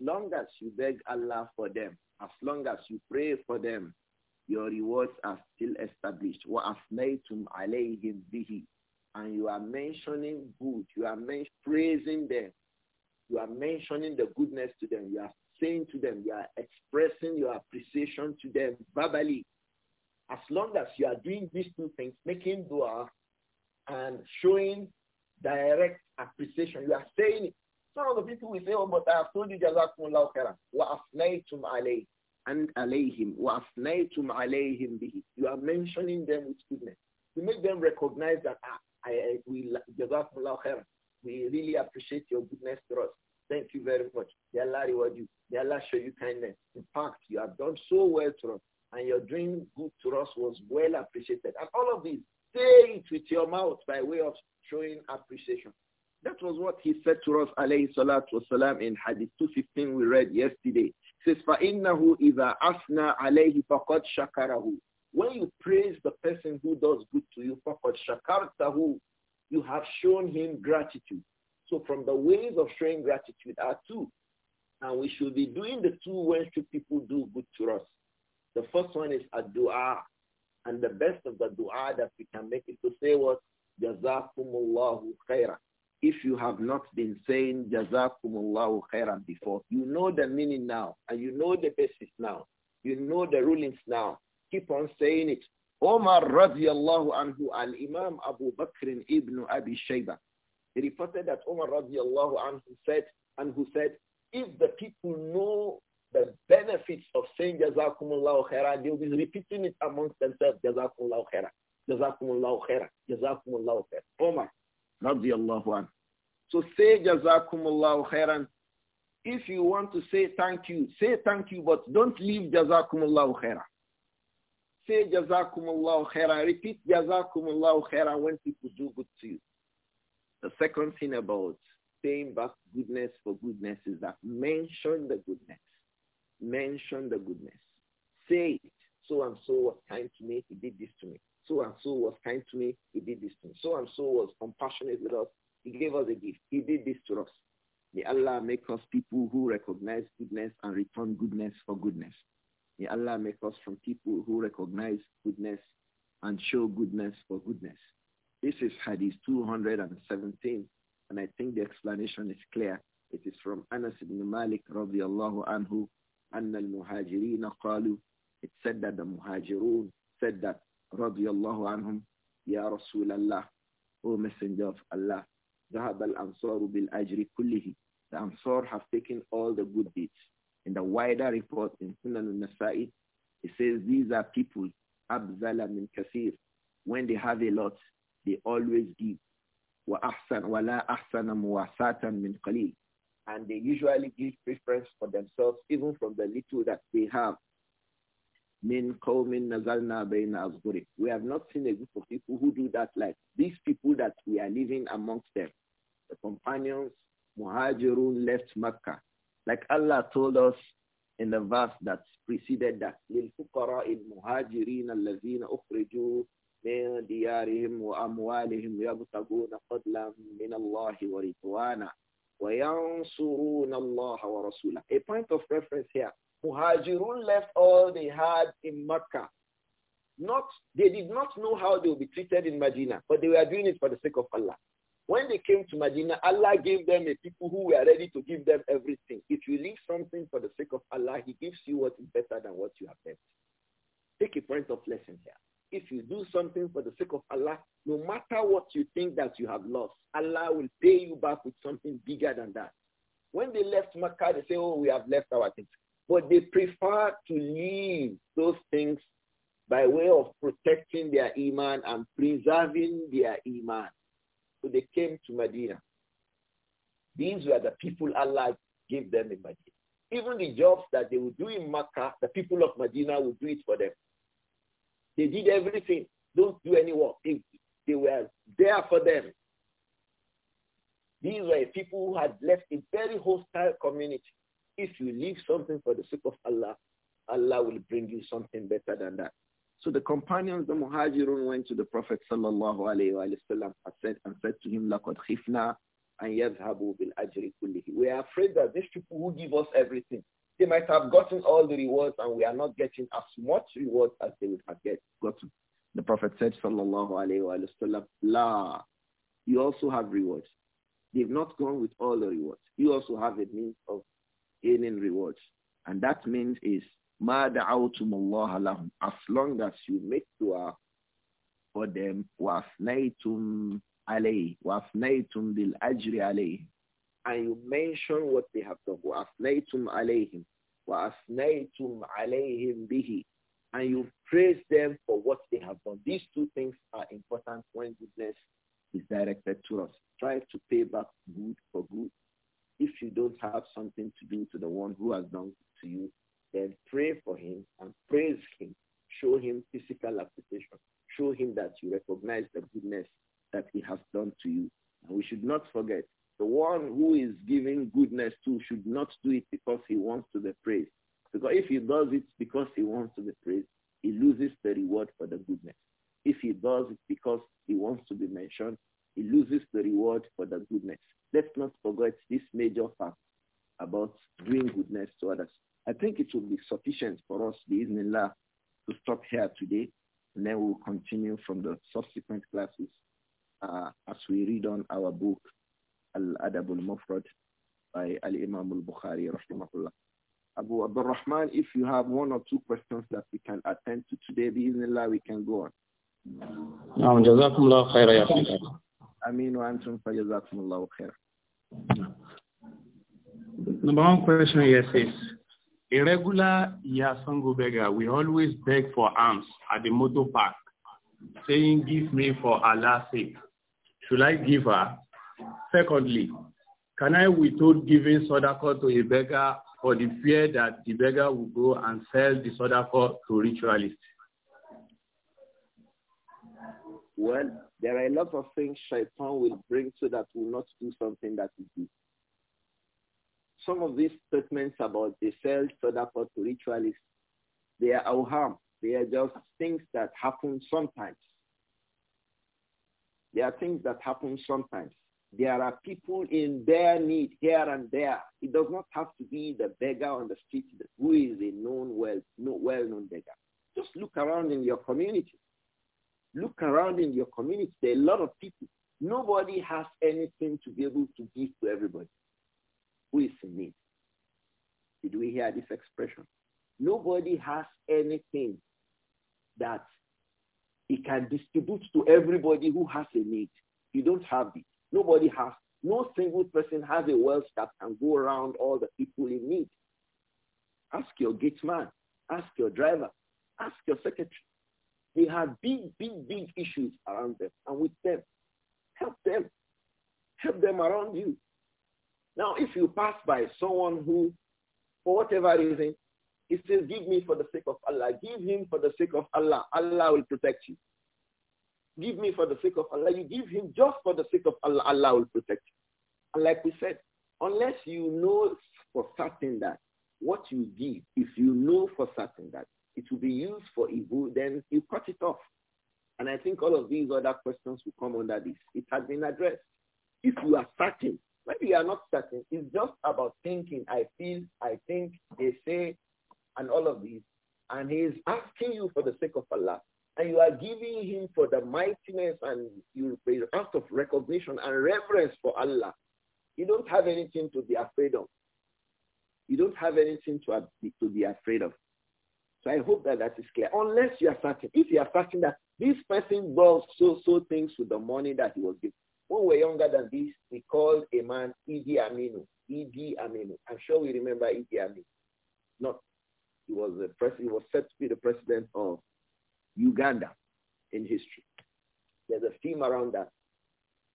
long as you beg Allah for them, as long as you pray for them, your rewards are still established. Wa afnaytum alayhim bihi. And you are mentioning good. You are praising them. You are mentioning the goodness to them. You are saying to them. You are expressing your appreciation to them verbally. As long as you are doing these two things, making dua and showing direct appreciation. You are saying it. Some of the people will say, oh, but I have told you Jazakumullah khairan. Wa afnaytum alayh. And alayhim. Wa afnaytum alayhim bihi. You are mentioning them with goodness. To make them recognize that, ah, I, I will, Jazakumullah khairan. We really appreciate your goodness to us. Thank you very much. May Allah reward you. May Allah show you kindness. In fact, you have done so well to us. And your doing good to us was well appreciated. And all of these, say it with your mouth by way of showing appreciation. That was what he said to us, alayhi salatu wasalam, in Hadith 215 we read yesterday. He says, فَإِنَّهُ إِذَا أَثْنَى عَلَيْهِ فَقَدْ شَكَرَهُ When you praise the person who does good to you, فَقَدْ شَكَرْتَهُ You have shown him gratitude. So from the ways of showing gratitude are two. And we should be doing the two when people do good to us. The first one is a dua and the best of the dua that we can make is to say what? Jazakumullahu khairan. If you have not been saying Jazakumullahu khairan before, you know the meaning now and you know the basis now. You know the rulings now. Keep on saying it. Omar radiallahu anhu al-Imam Abu Bakr ibn Abi Shayba. He reported that Omar radiallahu anhu said, and who said, if the people know the benefits of saying Jazakumullah khairan. they'll be repeating it amongst themselves, Jazakumullah khairan. Jazakumullah khairan. Jazakumullah khairan. Omar, radiallahu anhu. So say Jazakumullah khairan. If you want to say thank you, say thank you, but don't leave Jazakumullah khairan. Say Jazakumullah khairan. Repeat Jazakumullah khairan when people do good to you. The second thing about paying back goodness for goodness is that mention the goodness. Mention the goodness. Say it. So and so was kind to me. He did this to me. So and so was kind to me. He did this to me. So and so was compassionate with us. He gave us a gift. He did this to us. May Allah make us people who recognize goodness and return goodness for goodness. May Allah make us from people who recognize goodness and show goodness for goodness. This is Hadith 217, and I think the explanation is clear. It is from Anas ibn Malik radiallahu anhu أن المهاجرين قالوا it said that the muhajirun said that رضي الله عنهم يا رسول الله O Messenger of Allah ذهب الأنصار بالأجر كله The Ansar have taken all the good deeds. In the wider report in Sunan al-Nasa'i, it says these are people, Abzala min kathir. When they have a lot, they always give. وَأَحْسَنَ وَلَا أَحْسَنَ مُوَاسَاةً مِنْ قَلِيلٍ and they usually give preference for themselves even from the little that they have. Min We have not seen a group of people who do that like these people that we are living amongst them. The companions, Muhajirun left Makkah. Like Allah told us in the verse that preceded that, لِلْفُقَرَاءِ الْمُهَاجِرِينَ الَّذِينَ أُخْرِجُوا من ديارهم وأموالهم يبتغون فضلا من الله ورضوانا وَيَنْصُرُونَ اللَّهَ وَرَسُولَهُ A point of reference here. Muhajirun left all they had in Makkah. Not, they did not know how they would be treated in Medina, but they were doing it for the sake of Allah. When they came to Medina, Allah gave them a people who were ready to give them everything. If you leave something for the sake of Allah, he gives you what is better than what you have left. Take a point of lesson here if you do something for the sake of Allah, no matter what you think that you have lost, Allah will pay you back with something bigger than that. When they left Makkah, they say, oh, we have left our things. But they prefer to leave those things by way of protecting their iman and preserving their iman. So they came to Medina. These were the people Allah gave them in Medina. Even the jobs that they would do in Makkah, the people of Medina would do it for them. They did everything. Don't do any work. they were there for them. These were people who had left a very hostile community. If you leave something for the sake of Allah, Allah will bring you something better than that. So the companions, the Muhajirun, went to the Prophet sallallahu alayhi wa sallam and said to him, لَقَدْ خِفْنَا أَنْ يَذْهَبُوا بِالْأَجْرِ كُلِّهِ We are afraid that these people who give us everything, they might have gotten all the rewards and we are not getting as much reward as they would have get, gotten. The Prophet said, Sallallahu Alaihi Wasallam, La, you also have rewards. They've not gone with all the rewards. You also have a means of gaining rewards. And that means is, Ma da'awtum Allah lahum. As long as you make dua for them, wa alay, alayh, wa bil ajri alay." and you mention what they have done. وَأَثْنَيْتُمْ عَلَيْهِمْ وَأَثْنَيْتُمْ عَلَيْهِمْ بِهِ And you praise them for what they have done. These two things are important when goodness is directed to us. Try to pay back good for good. If you don't have something to do to the one who has done to you, then pray for him and praise him. Show him physical appreciation. Show him that you recognize the goodness that he has done to you. And we should not forget the one who is giving goodness to should not do it because he wants to be praised. Because if he does it because he wants to be praised, he loses the reward for the goodness. If he does it because he wants to be mentioned, he loses the reward for the goodness. Let's not forget this major fact about doing goodness to others. I think it will be sufficient for us, bismillah, to stop here today. And then we'll continue from the subsequent classes uh, as we read on our book, Al-Adab al by Al-Imam al-Bukhari, rahimahullah. Abu Abdurrahman, if you have one or two questions that we can attend to today, bismillah, we can go on. نعم جزاكم الله خيرا يا أخي أمين وأنتم فجزاكم الله خيرا Number one question here says, irregular Yasangu beggar, we always beg for alms at the motor park, saying, give me for Allah's sake. Should I give her? Secondly, can I withhold giving sodakot to a beggar for the fear that the beggar will go and sell the sodaka to ritualists? Well, there are a lot of things Shaitan will bring so that will not do something that is good. Some of these statements about the sell sodakot to ritualists, they are harm. They are just things that happen sometimes. They are things that happen sometimes there are people in their need here and there. It does not have to be the beggar on the street who is a known, well, well-known beggar. Just look around in your community. Look around in your community. There are a lot of people. Nobody has anything to be able to give to everybody who is in need. Did we hear this expression? Nobody has anything that he can distribute to everybody who has a need. You don't have it. Nobody has, no single person has a wealth that can go around all the people in need. Ask your gate man. Ask your driver. Ask your secretary. They have big, big, big issues around them and with them. Help them. Help them around you. Now, if you pass by someone who, for whatever reason, he says, give me for the sake of Allah. Give him for the sake of Allah. Allah will protect you give me for the sake of Allah, you give him just for the sake of Allah, Allah will protect you. And like we said, unless you know for certain that what you give, if you know for certain that it will be used for evil, then you cut it off. And I think all of these other questions will come under this. It has been addressed. If you are certain, maybe you are not certain, it's just about thinking, I feel, I think, they say, and all of these. And he is asking you for the sake of Allah. And you are giving him for the mightiness and you act of recognition and reverence for Allah. You don't have anything to be afraid of. You don't have anything to, to be afraid of. So I hope that that is clear. Unless you are certain. If you are certain that this person does so, so things with the money that he was given. When we were younger than this, we called a man Idi Aminu. Idi Aminu. I'm sure we remember Idi Aminu. Not, he was the president, he was said to be the president of Uganda in history. There's a theme around that,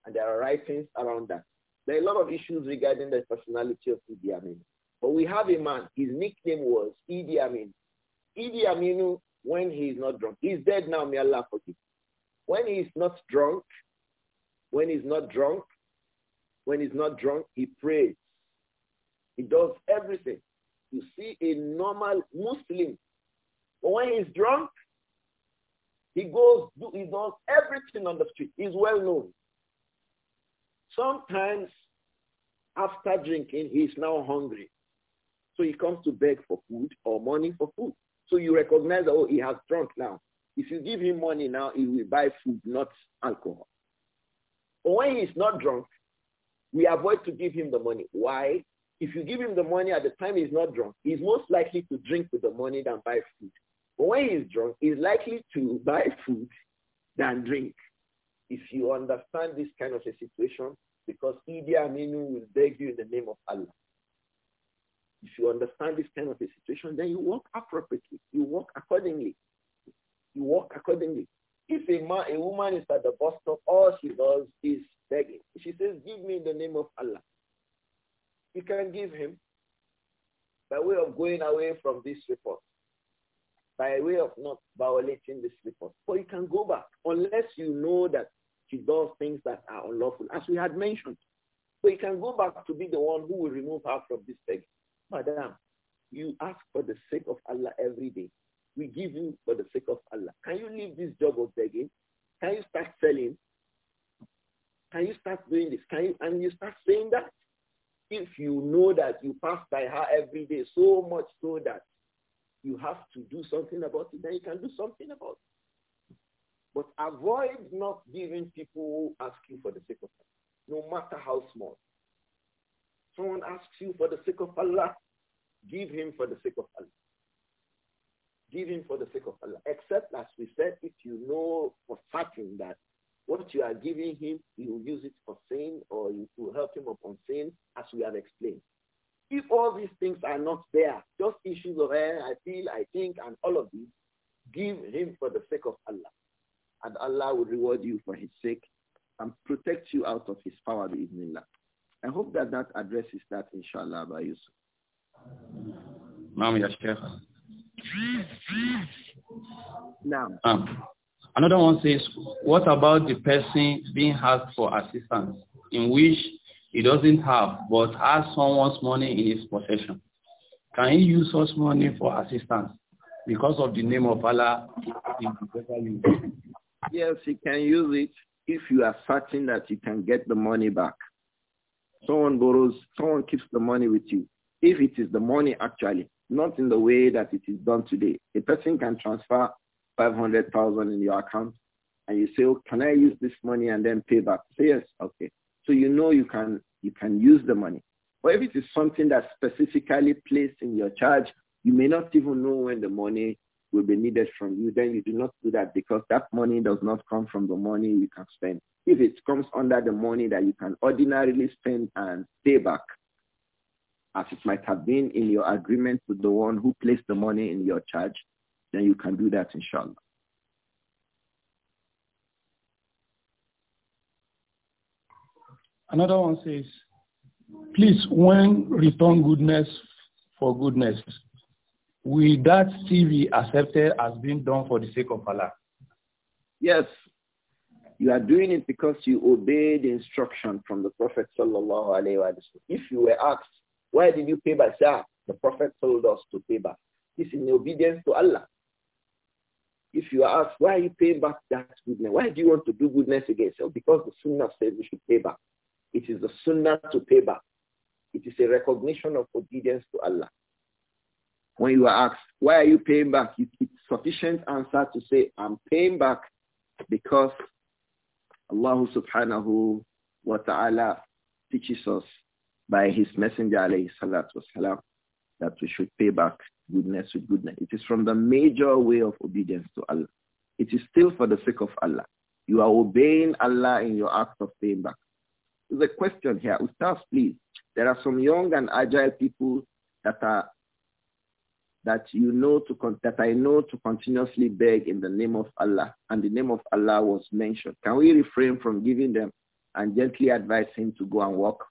and there are writings around that. There are a lot of issues regarding the personality of Idi Amin. But we have a man, his nickname was Idi Amin. Idi Aminu, when he is not drunk, he's dead now, may Allah forgive. When he is not drunk, when he's not drunk, when he's not drunk, he prays. He does everything. You see a normal Muslim. But when he's drunk, he goes, do, he does everything on the street. He's well known. Sometimes after drinking, he's now hungry. So he comes to beg for food or money for food. So you recognize oh, he has drunk now. If you give him money now, he will buy food, not alcohol. But when he's not drunk, we avoid to give him the money. Why? If you give him the money at the time he's not drunk, he's most likely to drink with the money than buy food when he's drunk, he's likely to buy food than drink. If you understand this kind of a situation, because Idi Aminu will beg you in the name of Allah. If you understand this kind of a situation, then you walk appropriately. You walk accordingly. You walk accordingly. If a man, a woman is at the bus stop, all she does is begging. She says, give me in the name of Allah. You can give him by way of going away from this report by way of not violating the slippers. But you can go back unless you know that she does things that are unlawful, as we had mentioned. So you can go back to be the one who will remove her from this peg. Madam, you ask for the sake of Allah every day. We give you for the sake of Allah. Can you leave this job of begging? Can you start selling? Can you start doing this? Can you, and you start saying that? If you know that you pass by her every day so much so that you have to do something about it, then you can do something about it. But avoid not giving people who ask you for the sake of Allah, no matter how small. Someone asks you for the sake of Allah, give him for the sake of Allah. Give him for the sake of Allah. Except, as we said, if you know for certain that what you are giving him, you will use it for sin or you will help him upon sin, as we have explained. If all these things are not there, just issues of air, I feel, I think, and all of these, give him for the sake of Allah. And Allah will reward you for his sake and protect you out of his power, bi'idhnillah. I hope that that addresses that, inshallah, by you. Naam, ya Um, another one says, what about the person being asked for assistance in which he doesn't have, but has someone's money in his possession. Can he use such money for assistance? Because of the name of Allah, Yes, he can use it if you are certain that you can get the money back. Someone borrows, someone keeps the money with you. If it is the money actually, not in the way that it is done today. A person can transfer 500,000 in your account and you say, oh, can I use this money and then pay back? Say yes, okay. So you know you can, you can use the money. But if it is something that's specifically placed in your charge, you may not even know when the money will be needed from you. Then you do not do that because that money does not come from the money you can spend. If it comes under the money that you can ordinarily spend and pay back, as it might have been in your agreement with the one who placed the money in your charge, then you can do that inshallah. Another one says, please, when return goodness for goodness, will that still be accepted as being done for the sake of Allah? Yes. You are doing it because you obeyed instruction from the Prophet sallallahu alaihi wasallam. If you were asked, why did you pay back? that?" the Prophet told us to pay back. This is in obedience to Allah. If you are asked, why are you paying back that goodness? Why do you want to do goodness against So because the Sunnah says we should pay back. It is the sunnah to pay back. It is a recognition of obedience to Allah. When you are asked, why are you paying back? It's sufficient answer to say, I'm paying back because Allah subhanahu wa ta'ala teaches us by his messenger alayhi salatu wasalam that we should pay back goodness with goodness. It is from the major way of obedience to Allah. It is still for the sake of Allah. You are obeying Allah in your act of paying back. There's a question here. Ustaz, please. There are some young and agile people that are that you know to con- that I know to continuously beg in the name of Allah, and the name of Allah was mentioned. Can we refrain from giving them and gently advise him to go and walk?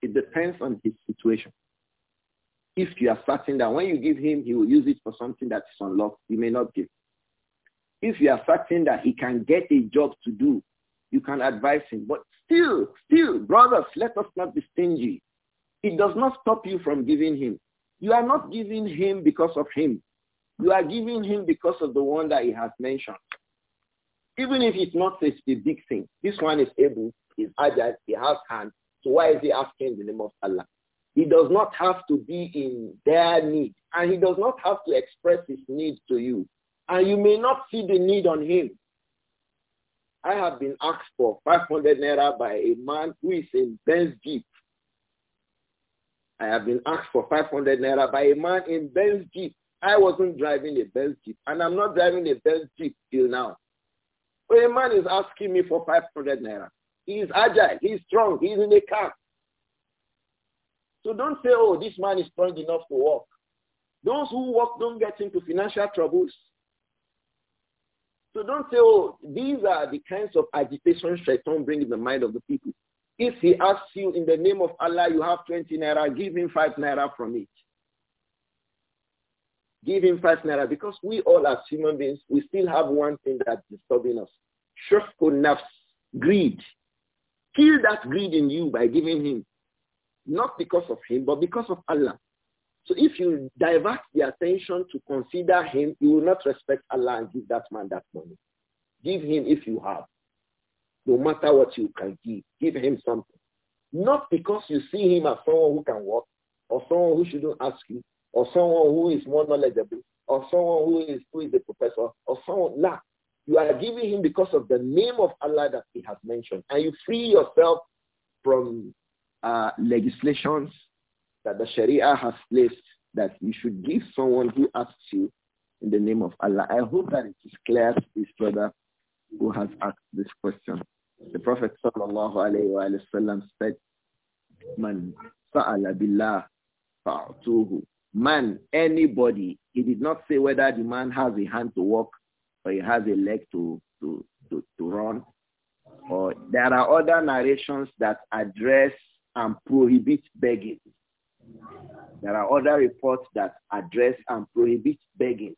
It depends on his situation. If you are certain that when you give him, he will use it for something that is unlocked, you may not give. If you are certain that he can get a job to do, you can advise him. But Still, still, brothers, let us not be stingy. It does not stop you from giving him. You are not giving him because of him. You are giving him because of the one that he has mentioned. Even if it's not a, a big thing, this one is able, he's agile, he has hands. So why is he asking the name of Allah? He does not have to be in their need. And he does not have to express his need to you. And you may not see the need on him. I have been asked for 500 naira by a man who is in Ben's Jeep. I have been asked for 500 naira by a man in Ben's Jeep. I wasn't driving a Benz Jeep, and I'm not driving a Benz Jeep till now. But a man is asking me for 500 naira. He is agile. He is strong. He is in a car. So don't say, oh, this man is strong enough to walk. Those who walk don't get into financial troubles. So don't say, oh, these are the kinds of agitation Shaitan bring in the mind of the people. If he asks you in the name of Allah, you have 20 naira, give him 5 naira from it. Give him 5 naira because we all as human beings, we still have one thing that's disturbing us. Shukun nafs, greed. Kill that greed in you by giving him. Not because of him, but because of Allah. So if you divert the attention to consider him, you will not respect Allah and give that man that money. Give him if you have. No matter what you can give, give him something. Not because you see him as someone who can work, or someone who shouldn't ask you, or someone who is more knowledgeable, or someone who is who is a professor, or someone nah. You are giving him because of the name of Allah that he has mentioned, and you free yourself from uh, legislations that the Sharia has placed that you should give someone who asks you in the name of Allah. I hope that it is clear to this brother who has asked this question. The Prophet sallallahu alayhi wa said, Man sa'ala billah fa'atuhu. Man, anybody. He did not say whether the man has a hand to walk or he has a leg to, to, to, to run. Or there are other narrations that address and prohibit begging. There are other reports that address and prohibit begging.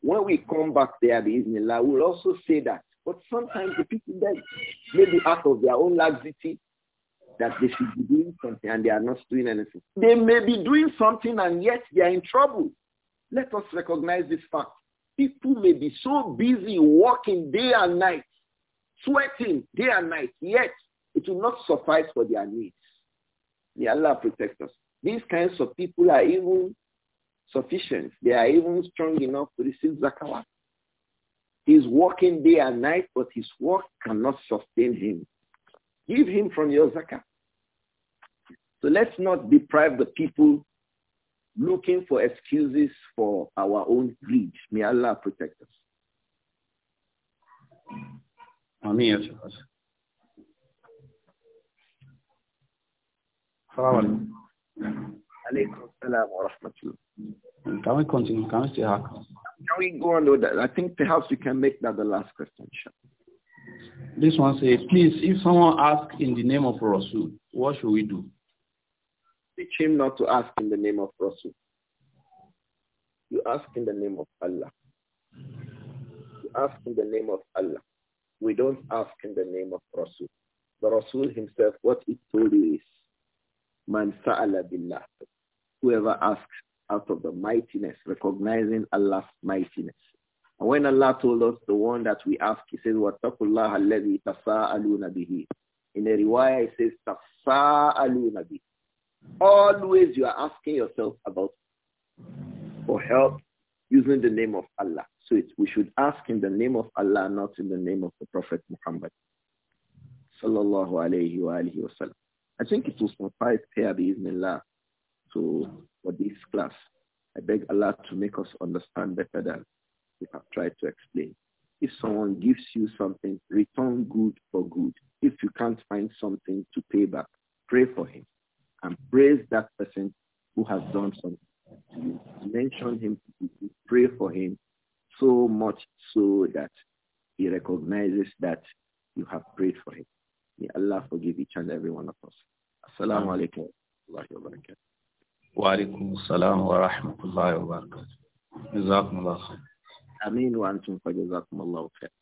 When we come back there, Bismillah, we'll also say that. But sometimes the people beg, maybe out of their own laxity, that they should be doing something and they are not doing anything. They may be doing something and yet they are in trouble. Let us recognize this fact. People may be so busy working day and night, sweating day and night, yet it will not suffice for their needs. May Allah protect us. These kinds of people are even sufficient. They are even strong enough to receive He He's working day and night, but his work cannot sustain him. Give him from your zakah. So let's not deprive the people looking for excuses for our own greed. May Allah protect us. Ameen. Alaykum salam wa rahmatullah. Can we continue? Can we say here? Can we go on with that? I think perhaps we can make that the last question. This one says, please, if someone asks in the name of Rasul, what should we do? Teach him not to ask in the name of Rasul. You ask in the name of Allah. You ask in the name of Allah. We don't ask in the name of Rasul. The Rasul himself, what he told you is, Man sa'ala billah. Whoever asks out of the mightiness, recognizing Allah's mightiness. And when Allah told us the one that we ask, he says, وَاتَّقُوا اللَّهَ الَّذِي تَسَاءَلُونَ بِهِ In a riwayah, it says, تَسَاءَلُونَ بِهِ Always you are asking yourself about for help using the name of Allah. So we should ask in the name of Allah, not in the name of the Prophet Muhammad. Sallallahu alayhi wa alihi wa sallam. I think it will suffice here, bismillah, to, for this class. I beg Allah to make us understand better than we have tried to explain. If someone gives you something, return good for good. If you can't find something to pay back, pray for him and praise that person who has done something to you. Mention him, pray for him so much so that he recognizes that you have prayed for him. May Allah forgive each and every one of us. Assalamu alaikum wa barakatuh. Wa alaikum assalam wa rahmatullahi wa barakatuh. Jazakumullah khair. Ameen wa antum fa jazakumullah khair.